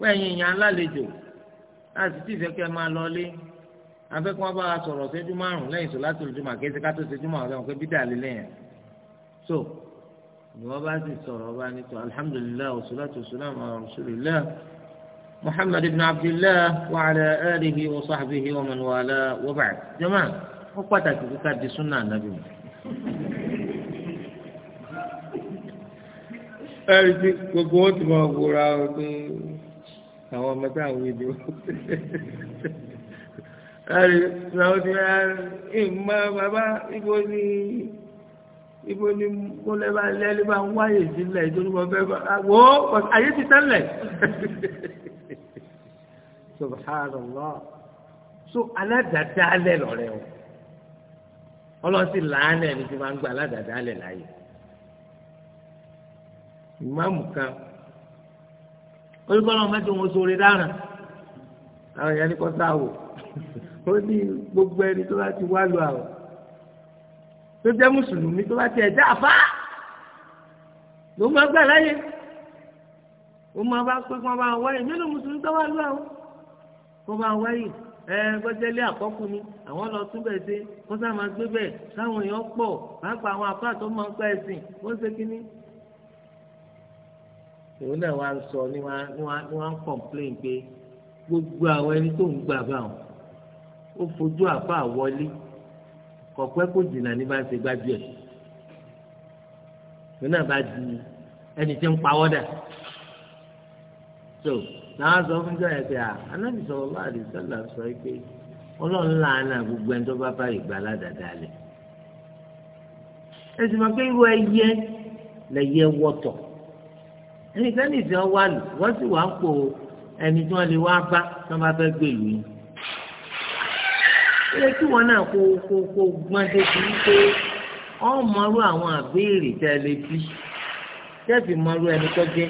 Speaker 2: wọ́n ẹ̀yìn alálejò a sì ti fẹ́ kẹ́ máa lọ lé afẹ́ kí wọ́n bá wa sọ̀rọ̀ ṣẹ́jú márùn lẹ́yìn sọ láti ojú mà kẹ́sẹ́ ká tó ṣẹ́jú márùn lẹ́wọ̀n pé bídà lé lẹ́yìn so ni wọ́n bá sì sọ̀rọ̀ ọba nítorí alhamdulilayi wasalaatu wasalaamu ala rasulillah muhammad ibn abdillah wa ala alihi wa sahbihi wa man wala wa ba'd jama ó pàtàkì kíkà di sunna anabi mu. ẹ̀rí tí gbogbo ó ti máa wúra ọdún àwọn ọmọ tá àwọn èdè
Speaker 1: ẹ̀rí làwọn ti rẹ̀ ìmọ̀ bàbá ibo ni ibo ni mo lẹ́ bá ilé ẹni bá ń wáyè sílẹ̀ ìjọba mo fẹ́ bá wò ó ayé ti tẹ́lẹ̀
Speaker 2: subhanallah
Speaker 1: so aládàáda alẹ́ lọ́rẹ́
Speaker 2: o ọlọ́sì làánẹ̀ ni ti máa ń gba aládàáda alẹ́ láàyè ìmáàmù kan olùkọ́lọ́ mẹ́tò wọn sóore dára àwọn ìyá ní kọ́ sá wò ó ní gbogbo ẹni tó bá ti wá lu àwọn tó jẹ́ mùsùlùmí tó bá ti ẹ̀dá àfá ló máa gbà láyé ó máa bá pé kó bá wáyé mélòó mùsùlùmí tó wá lu àwọn kó bá wáyé ẹ gbẹdẹlẹ àkọkù ni àwọn lọ tún bẹ ṣe kó sáà máa gbé bẹ káwọn èèyàn pọ̀ pàápàá àwọn apá tó máa ń wọn ṣe kínní òun náà wá ń sọ ni wọ́n ń kọ̀mplain pé gbogbo àwọn ẹni tó ń gbà bá wọn ó fojú àfa wọlé kọ̀pẹ́ kò jìnnà ní bá ń ṣe gbájú ẹ̀ òun náà bá di ẹni tí ń pawọ́ dà so náà sọ fún jọ yẹn pé à anábì sọ̀rọ̀ bá àdìsọ́là sọ pé ọlọ́run láàánà gbogbo ẹni tó bá bá ìgbà ládàá lẹ̀ ẹ̀sìn máa pé irú ẹyẹ lẹ̀yẹ wọ̀tọ̀. ẹnìkan ní ìsìn wọ́n sì wà ń pò ẹni tí wọ́n lè wá bá tí wọ́n bá fẹ́ gbèlú ilé tí wọn náà kó kó kó gbọ́n pé wọ́n mọ̀rú àwọn àbéèrè tẹ́ lè fi tẹ́ẹ̀fì mọ̀rú ẹni tó jẹ́.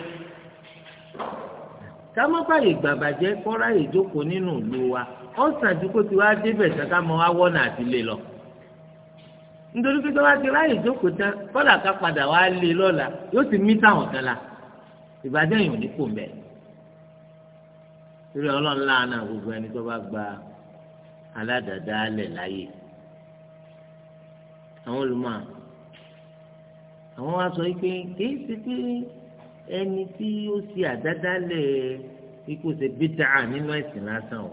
Speaker 2: wa ó sàn ju kó lọ. nítorí pé tó bá ti ráyè ìjókòó ìbàdàn yìí ò ní kò mbẹ torí ọlọ́run láàánà gbogbo ẹni tó bá gba aládàáda alẹ̀ láàyè àwọn olùmọ̀ àwọn wa sọ pé kìí ṣe pé ẹni tí ó ṣe àdádálẹ̀ ikú ṣe bídà nínú ẹ̀sìn lásán o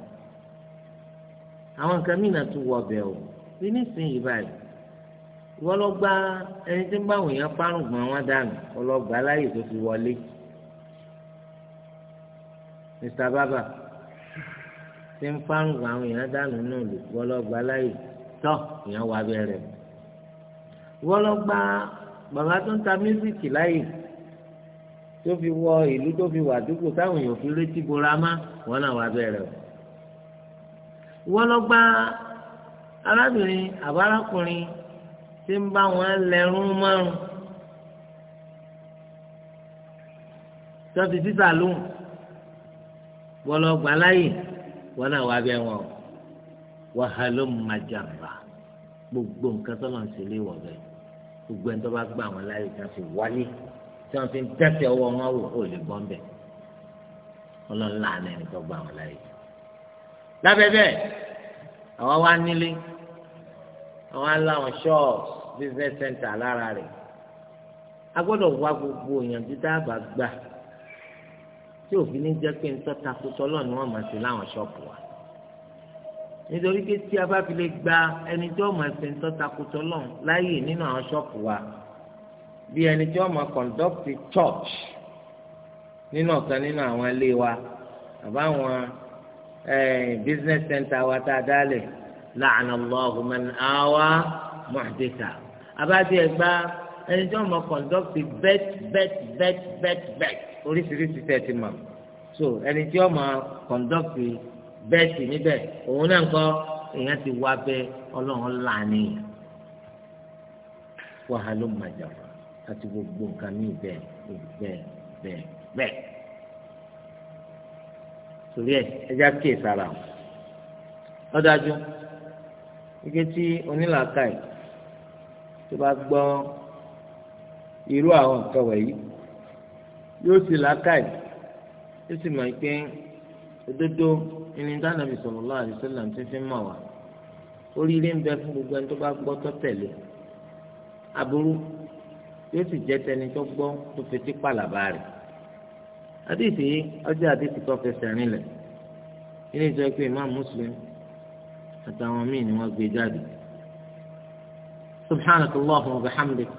Speaker 2: àwọn nǹkan mìíràn tún wọ ọbẹ̀ o bí nísìnyí báyìí wọ́n lọ gba ẹni tí ń bá àwọn èèyàn párùn wọn dànù ọlọ́gbà aláyè tó fi wọlé. Mr. Baba ti ń fárùn àwọn èèyàn dànù náà lò wọlọgba láyè tọ èèyàn wà bẹrẹ wọlọgba bàbá tó ń ta mísíkì láyè tó fi wọ ìlú tó fi wà dúpọ táwọn èèyàn fi rétí bora má wọn náà wà bẹrẹ o arábìnrin àbárakùnrin ti ń bá wọn lẹrún márùn tó títà lóhùn wọ́n lọ gbà láyè wọ́n náà wá bẹ́ wọn wàhálà màjàmbá gbogbo nǹkan tó lọ́n sì lé wọ̀ bẹ́ẹ̀ gbogbo ẹni tó bá gbà wọn láyè kí wọ́n fi wálé tí wọ́n fi ń tẹ́tẹ́ ọwọ́ wọn wò ó lè bọ́n bẹ́ẹ̀ ọlọ́run láàánú ẹni tó gbà wọn láyè. lábẹ́ àwa wá nílé àwa láwọn ṣọ́ọ̀bù business center lára rẹ̀ a gbọ́dọ̀ wá gbogbo èèyàn tí dáàbà gbà tí òfin ní jẹ́ pé ńtọ́ takotọ́ lọ ni wọ́n máa ṣe láwọn ṣọ́ọ̀bù wa nítorí pé tí a bá fi lè gba ẹni tí wọ́n máa ṣe ńtọ́ takotọ́ lọ láàyè nínú àwọn ṣọ́ọ̀bù wa bí ẹni tí wọ́n máa conduct church nínú ọ̀kan nínú àwọn ilé wa àbáwọn business center wa tá a dálẹ̀ la'ana Allahu man awa muhditha abájẹ́ gbá ẹni tí wọ́n mọ kọ̀ǹdọ́kítì bẹ́t bẹ́t bẹ́t bẹ́t bẹ́t oríṣiríṣi tẹ̀ ti so ẹni tí wọ́n mọ kọ̀ǹdọ́kítì bẹ́t níbẹ̀ òun náà kọ́ èèyàn ti wá bẹ ọlọ́run lánìí wàhálà màjàmá àti gbogbo nǹkan ní ìbẹ́ ìbẹ́ ìbẹ́ ìbẹ́ torí ẹ ẹjá kéè sára o lọ́dájú ike tí onílàákàyè tó bá gbọ́ irú àwọn nǹkan wọ̀nyí yóò sì làákàyè yóò sì mọ̀ pé òdodo ẹni dáná mi sallallahu alaihi wasallam ti fi mọ̀ wá oríire ń bẹ fún gbogbo ẹni tó bá gbọ́ tó tẹ̀lé aburú yóò sì jẹ́ tẹni tó gbọ́ tó fetí pàlàbà rẹ̀ àdìsí ọjọ́ àdìsí tó fẹsẹ̀ rinlẹ̀ ilé ìjọ pé Imam Muslim àtàwọn míì ni wọ́n gbé jáde subhanaka Allahumma wa bihamdika.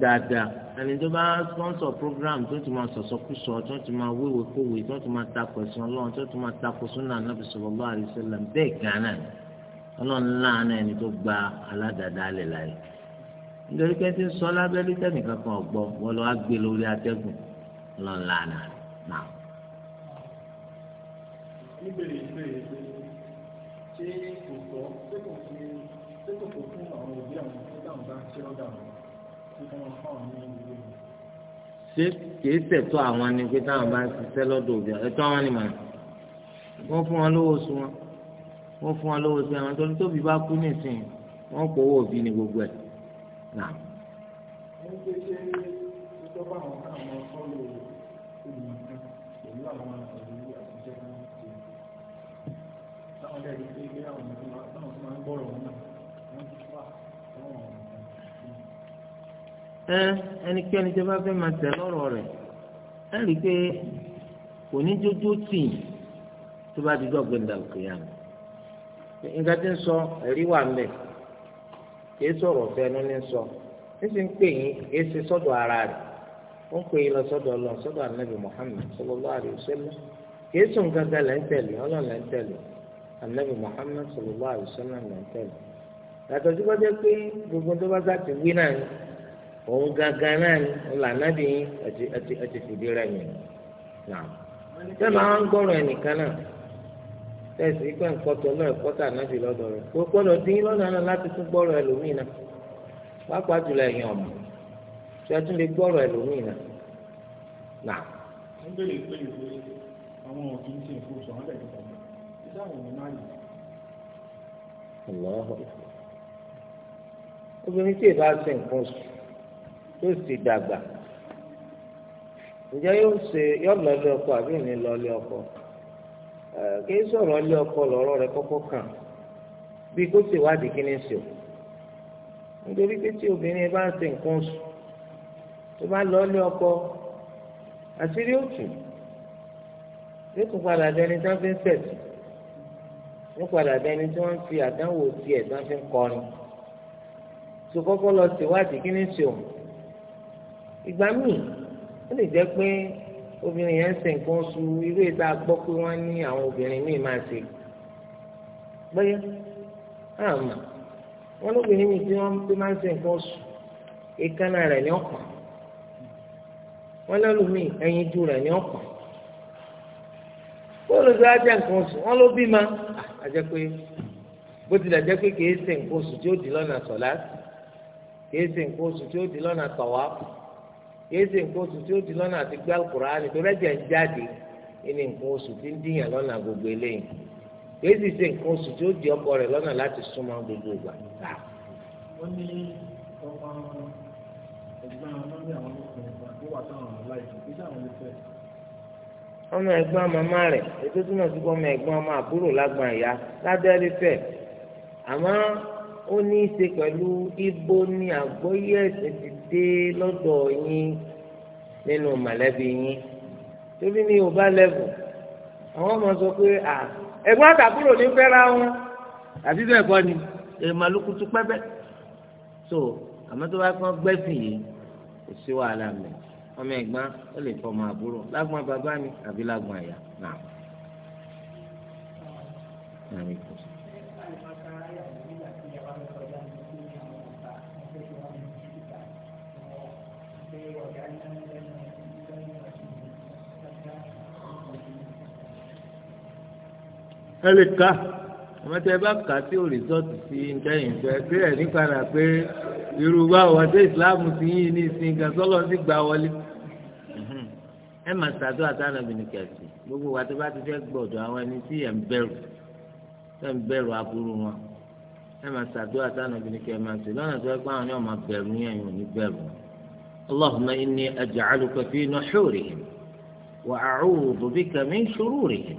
Speaker 1: dáadáa
Speaker 2: ẹni tó bá sponsor program tó ti máa sọ̀sọ́kùsọ tó ti máa wéwèé kówèé tó ti máa takò ẹ̀sìn ọlọ́run tó ti máa takò súnà nàbì sallallahu alaihi wasallam bẹ́ẹ̀ gánà ni ọlọ́run láàánú ẹni tó gba aládàáda alẹ̀ láyé nítorí pé tí ń sọ lábẹ́lí tẹ́nìkan kan ọ̀gbọ́ wọ́n lọ́ọ́ gbé lórí atẹ́gùn ọlọ́run láàánú náà.
Speaker 1: níbẹ̀rẹ̀ ìbéèrè pé ṣé kò tọ́ ṣé kò fún àwọn òbí àwọn ṣé
Speaker 2: kìí ṣètò àwọn ni pé táwọn bá ń ṣiṣẹ́ lọ́dọ̀ òbí ẹ̀tọ́ àwọn ni màá wọ́n fún wọn lówó oṣù wọn wọ́n fún wọn lówó oṣù àwọn tó ní tóbi bá kú nísìnyí wọ́n kó owó òbí ni
Speaker 1: gbogbo ẹ̀ Thank you.
Speaker 2: ẹ ẹnikẹ́ni tó bá fẹ́ máa tẹ̀ lọ́rọ̀ rẹ̀ ẹ rí i pé kò ní jójó tì í tó bá di dọ́gbìn dàlùkìyà mi nǹkan tí ń sọ ẹ̀rí wà kìí sọ̀rọ̀ ọ̀fẹ́ ẹnu ara rẹ̀ ó ń pè yín lọ lọ anabi Muhammad sallallahu alaihi wasallam kìí sùn gángan lẹ́ ń tẹ̀lé lẹ́ ń tẹ̀lé anabi Muhammad lẹ́ ń tẹ̀lé òun gangan náà ni ìlànàbí yín àti àti àti fìdí rẹ̀ yẹn náà tẹ́ máa ń gbọ́rọ̀ ẹnìkan náà tẹ̀sí pé nǹkan tó lọ́ọ̀ ẹ̀kọ́ tà nábì lọ́dọ̀ rẹ̀ kó gbọ́dọ̀ dín lọdọ náà láti tún gbọ́rọ̀ ẹlòmíì náà pàápàá jùlọ ẹ̀yìn ọ̀mọ̀ tí a tún lè ẹlòmíì náà
Speaker 1: bèrè àwọn ń
Speaker 2: yìí. obìnrin tí ì bá tó sì dàgbà ǹjẹ́ yóò ṣe yọ lọ́lé ọkọ àbí ìní lọ́lé ọkọ kí sọ̀rọ̀ lé ọkọ lọ́rọ̀ rẹ kọ́kọ́ kàn bí kó sì wádìí kí ni sè o nítorí pé tí obìnrin bá ń ṣe nǹkan sùn tó bá lọ́lé ọkọ àṣírí òtù yóò tún padà dẹni tí wọ́n fi ń sẹ̀sì yóò padà dẹni tí wọ́n fi àdánwò tiẹ̀ tí wọ́n fi ń kọrin tó kọ́kọ́ lọ ṣèwádìí kí ni sè o. ìgbà míì ó lè jẹ́ pé obìnrin yẹn ń ṣe nǹkan oṣù irú ìta gbọ́ pé wọ́n ní àwọn obìnrin míì máa ṣe bóyá àmọ́ wọn lóbìnrin míì tí wọ́n pé máa ń ṣe nǹkan oṣù èékánná rẹ̀ ní ọ̀pọ̀ wọn lẹ́lòmíì ẹyin ju rẹ̀ ní ọ̀pọ̀ bóòlù tó ajá nǹkan oṣù wọn ló bí ma àjẹ pé bó tilẹ̀ jẹ́ pé kìí ṣe nǹkan oṣù tí ó di lọ́nà sọ̀lá kìí ṣe nǹkan oṣù tí ó di lọ́nà tọ̀wá kìí ṣe nǹkan oṣù tí ó di lọ́nà àti gbé alukur'ani tó rẹ́jẹ̀ ń jáde ní nǹkan oṣù tí ń dìyàn lọ́nà gbogbo eléyìí ṣe nǹkan oṣù tí ó di ọkọ rẹ̀ lọ́nà láti súnmọ́ gbogbo ìgbà.
Speaker 1: ó ní ọmọ ẹgbẹ́ ọmọ mi àwọn ọmọkùnrin tó wà táwọn ọmọ láì fún kíkẹ́
Speaker 2: ọmọ ẹ̀gbọ́n màmá rẹ̀ ètò túmọ̀ sí ọmọ ẹ̀gbọ́n ọmọ àbúrò lábẹ́rẹ́ fẹ́ àmọ́ ó ní í ṣe pẹ̀lú ibo ni àgbọ́yé ẹ̀sìn ti dé lọ́dọ̀ yín nínú mọ̀lẹ́bí yín torí ní yorùbá lẹ́bù àwọn ọmọ sọ pé à ẹ̀gbọ́n àtàkùrò ní fẹ́ra wọn àti bẹ́ẹ̀ kọ́ ni èèmọ̀ ló kutu pẹ́pẹ́ so àmọ́ tó bá kàn gbẹ́sìn yìí kò sí wàhálà mi ọmọ ẹ̀gbọ́n ó lè fọmọ àbúrò lágbọ́n bàbá mi àbí lágbọ́n àyà náà. ẹ lè ka àmọ́tẹ́ ẹ bá kà á sí òrìsọ́ọ̀tì sí ìtẹ́yìn fẹ́ pé ẹ̀ nípadà pé irú báwo àti ìsìláàmù ti yín ní ìsìn gasọ́lọ́ sí gbà wọlé mhm. ẹ mà sàdó àtànàbì ní kẹsì gbogbo wa tó bá ti fẹ́ gbọ́dọ̀ àwọn ẹni tí ẹ̀ ń bẹ̀rù ẹ̀ ń bẹ̀rù aburú wọn ẹ mà sàdó àtànàbì kẹsì lọ́nà tó ẹ pé àwọn ni wọ́n bẹ̀rù yẹn yóò ní bẹ̀rù wọn. اللهم إني أجعلك في نحورهم وأعوذ بك من شرورهم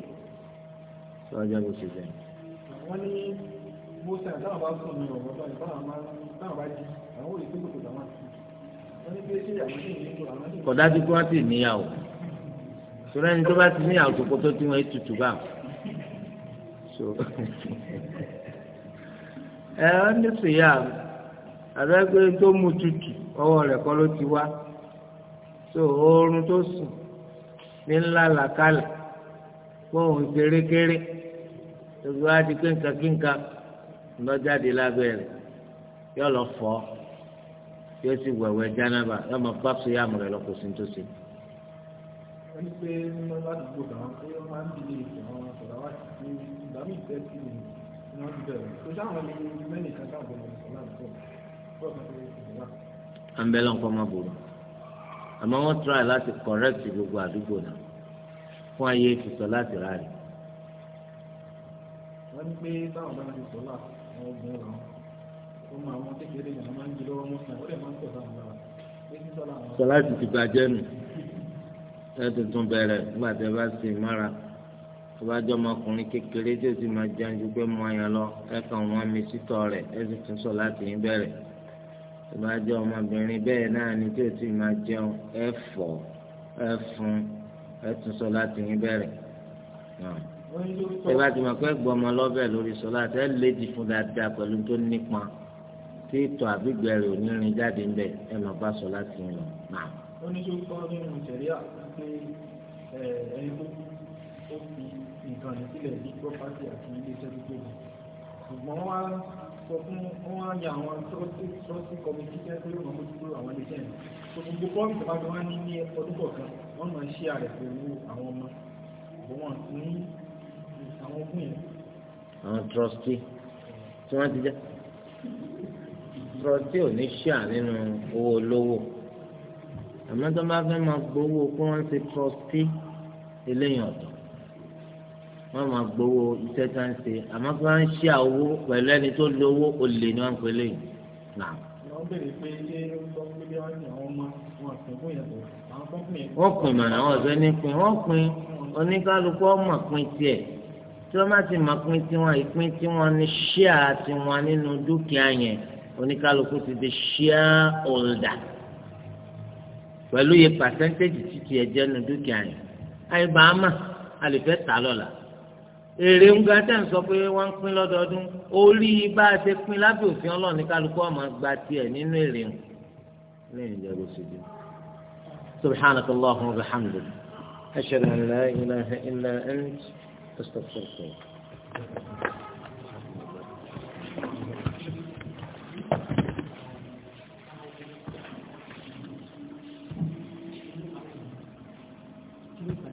Speaker 2: tí wọ́n jẹ́ bó ṣe jẹ́.
Speaker 1: wọ́n ní bó ṣe àtàwọn bá sùn ní ọ̀rọ̀ bá ìbáwọn máa náà bá jí àwọn òye tó kòtò dáwọn sí wọ́n ní bí ó ṣe yàgò sí ìlú àwọn ní. kódà bí wọ́n ti
Speaker 2: níyàwó sọ̀rọ̀ ẹni tó bá ti níyàwó tó kótó tí wọ́n tutù bá
Speaker 1: ẹ ọ ní sèyá àbẹ́gbẹ́ tó mu tutù ọwọ́ rẹ̀ kọ́ ló ti wá so oorun
Speaker 2: tó sùn ní ńlá làkàlà fóun ṣerékeré tóbi wá di pé
Speaker 1: nǹkan
Speaker 2: kí lábẹ́rẹ́ yóò lọ fọ́ yóò sì wẹ̀wẹ̀ jánábà yóò máa bá so yàmù lọ́kọ̀ sí tòsí.
Speaker 1: wọ́n ní pé ládùúgbò
Speaker 2: àmọ́ wọ́n try láti correct gbogbo àdúgbò náà fún ayé ìfisọ̀ láti ráàlì
Speaker 1: wọ́n ní pé báwọn bá ti sọ́lá àwọn obìnrin rà wọ́n máa mọ kékeré yẹn máa ń jí lọ́wọ́ mọ́sán ó lè máa ń pọ̀ sáwọn lára sọlá ti ti bàjẹ́ nù
Speaker 2: ẹ tuntun bẹ̀rẹ̀ nígbà tí ẹ bá sin mára tó bá jọ ọmọkùnrin kékeré tí ó sì máa jẹun ju pé mọ àyàn lọ ẹ kàn wọ́n mi sítọ̀ rẹ̀ ẹ sì tún sọ láti yín bẹ̀rẹ̀ tó bá jọ ọmọbìnrin bẹ́ẹ̀ náà ni tí ó sì máa jẹun ẹ fọ̀ ẹ fún ẹ tún sọ láti yín bẹ̀rẹ̀ ẹ bá ti mọ̀ pé gbọ́ ọmọ lọ́bẹ̀ lórí sọlá àti ẹ lè di fún dáadáa pẹ̀lú tó nípa tí ìtọ̀ àbígbẹ̀ rẹ̀ onírin jáde ń bẹ̀ ẹ mọ̀ bá sọlá ti ń
Speaker 1: náà. ó ní sókè nínú ìṣẹ̀rí àti ẹni tó fi nǹkan ìsílẹ̀ ní pọ́pátì àti iléeṣẹ́ tó tóbi ṣùgbọ́n wá sọ fún wọn á yan àwọn trọ́sì kọ́mítì tẹ́ tó gbogbo wọ́n máa ṣí àwọn ọmọ
Speaker 2: àwọn trọ́stì tí wọ́n ti jẹ́ trọ́stì ò ní ṣíà nínú owó olówó àmọ́ tó bá fẹ́ máa gbowó kó wọ́n ṣe trọ́stì eléyìí ọ̀dọ́ wọ́n máa gbowó iṣẹ́ tí wọ́n ṣe àmọ́ kí wọ́n ṣíà owó pẹ̀lú ẹni tó lówó olè ni wọ́n pè léyìí
Speaker 1: náà wọ́n pin mọ̀nà àwọn ọ̀sẹ̀ ní pin wọ́n pin
Speaker 2: oníkálukú ọmọ pin tiẹ̀ tí wọ́n bá ti mọ pín tiwọn ìpín tiwọn ní ṣíà tiwọn nínú dúkìá yẹn oníkálukú ti di ṣíà ọ̀ldà pẹ̀lú iye pàṣẹ́ntéèjì títí ẹ̀jẹ̀ nínú dúkìá yẹn àyíbá àmà àlèfẹ́ tà lọ́la èrè ń ga tẹ̀ ń sọ pé wọ́n ń pín lọ́dọọdún orí bá a ṣe pín lábẹ́ òfin ọlọ́ọ̀ni kálukú ọmọ gba tiẹ̀ nínú èrè ń lẹ́yìn ìjọba òṣèlú subhanakallahumma wa bihamdika पुस्तक से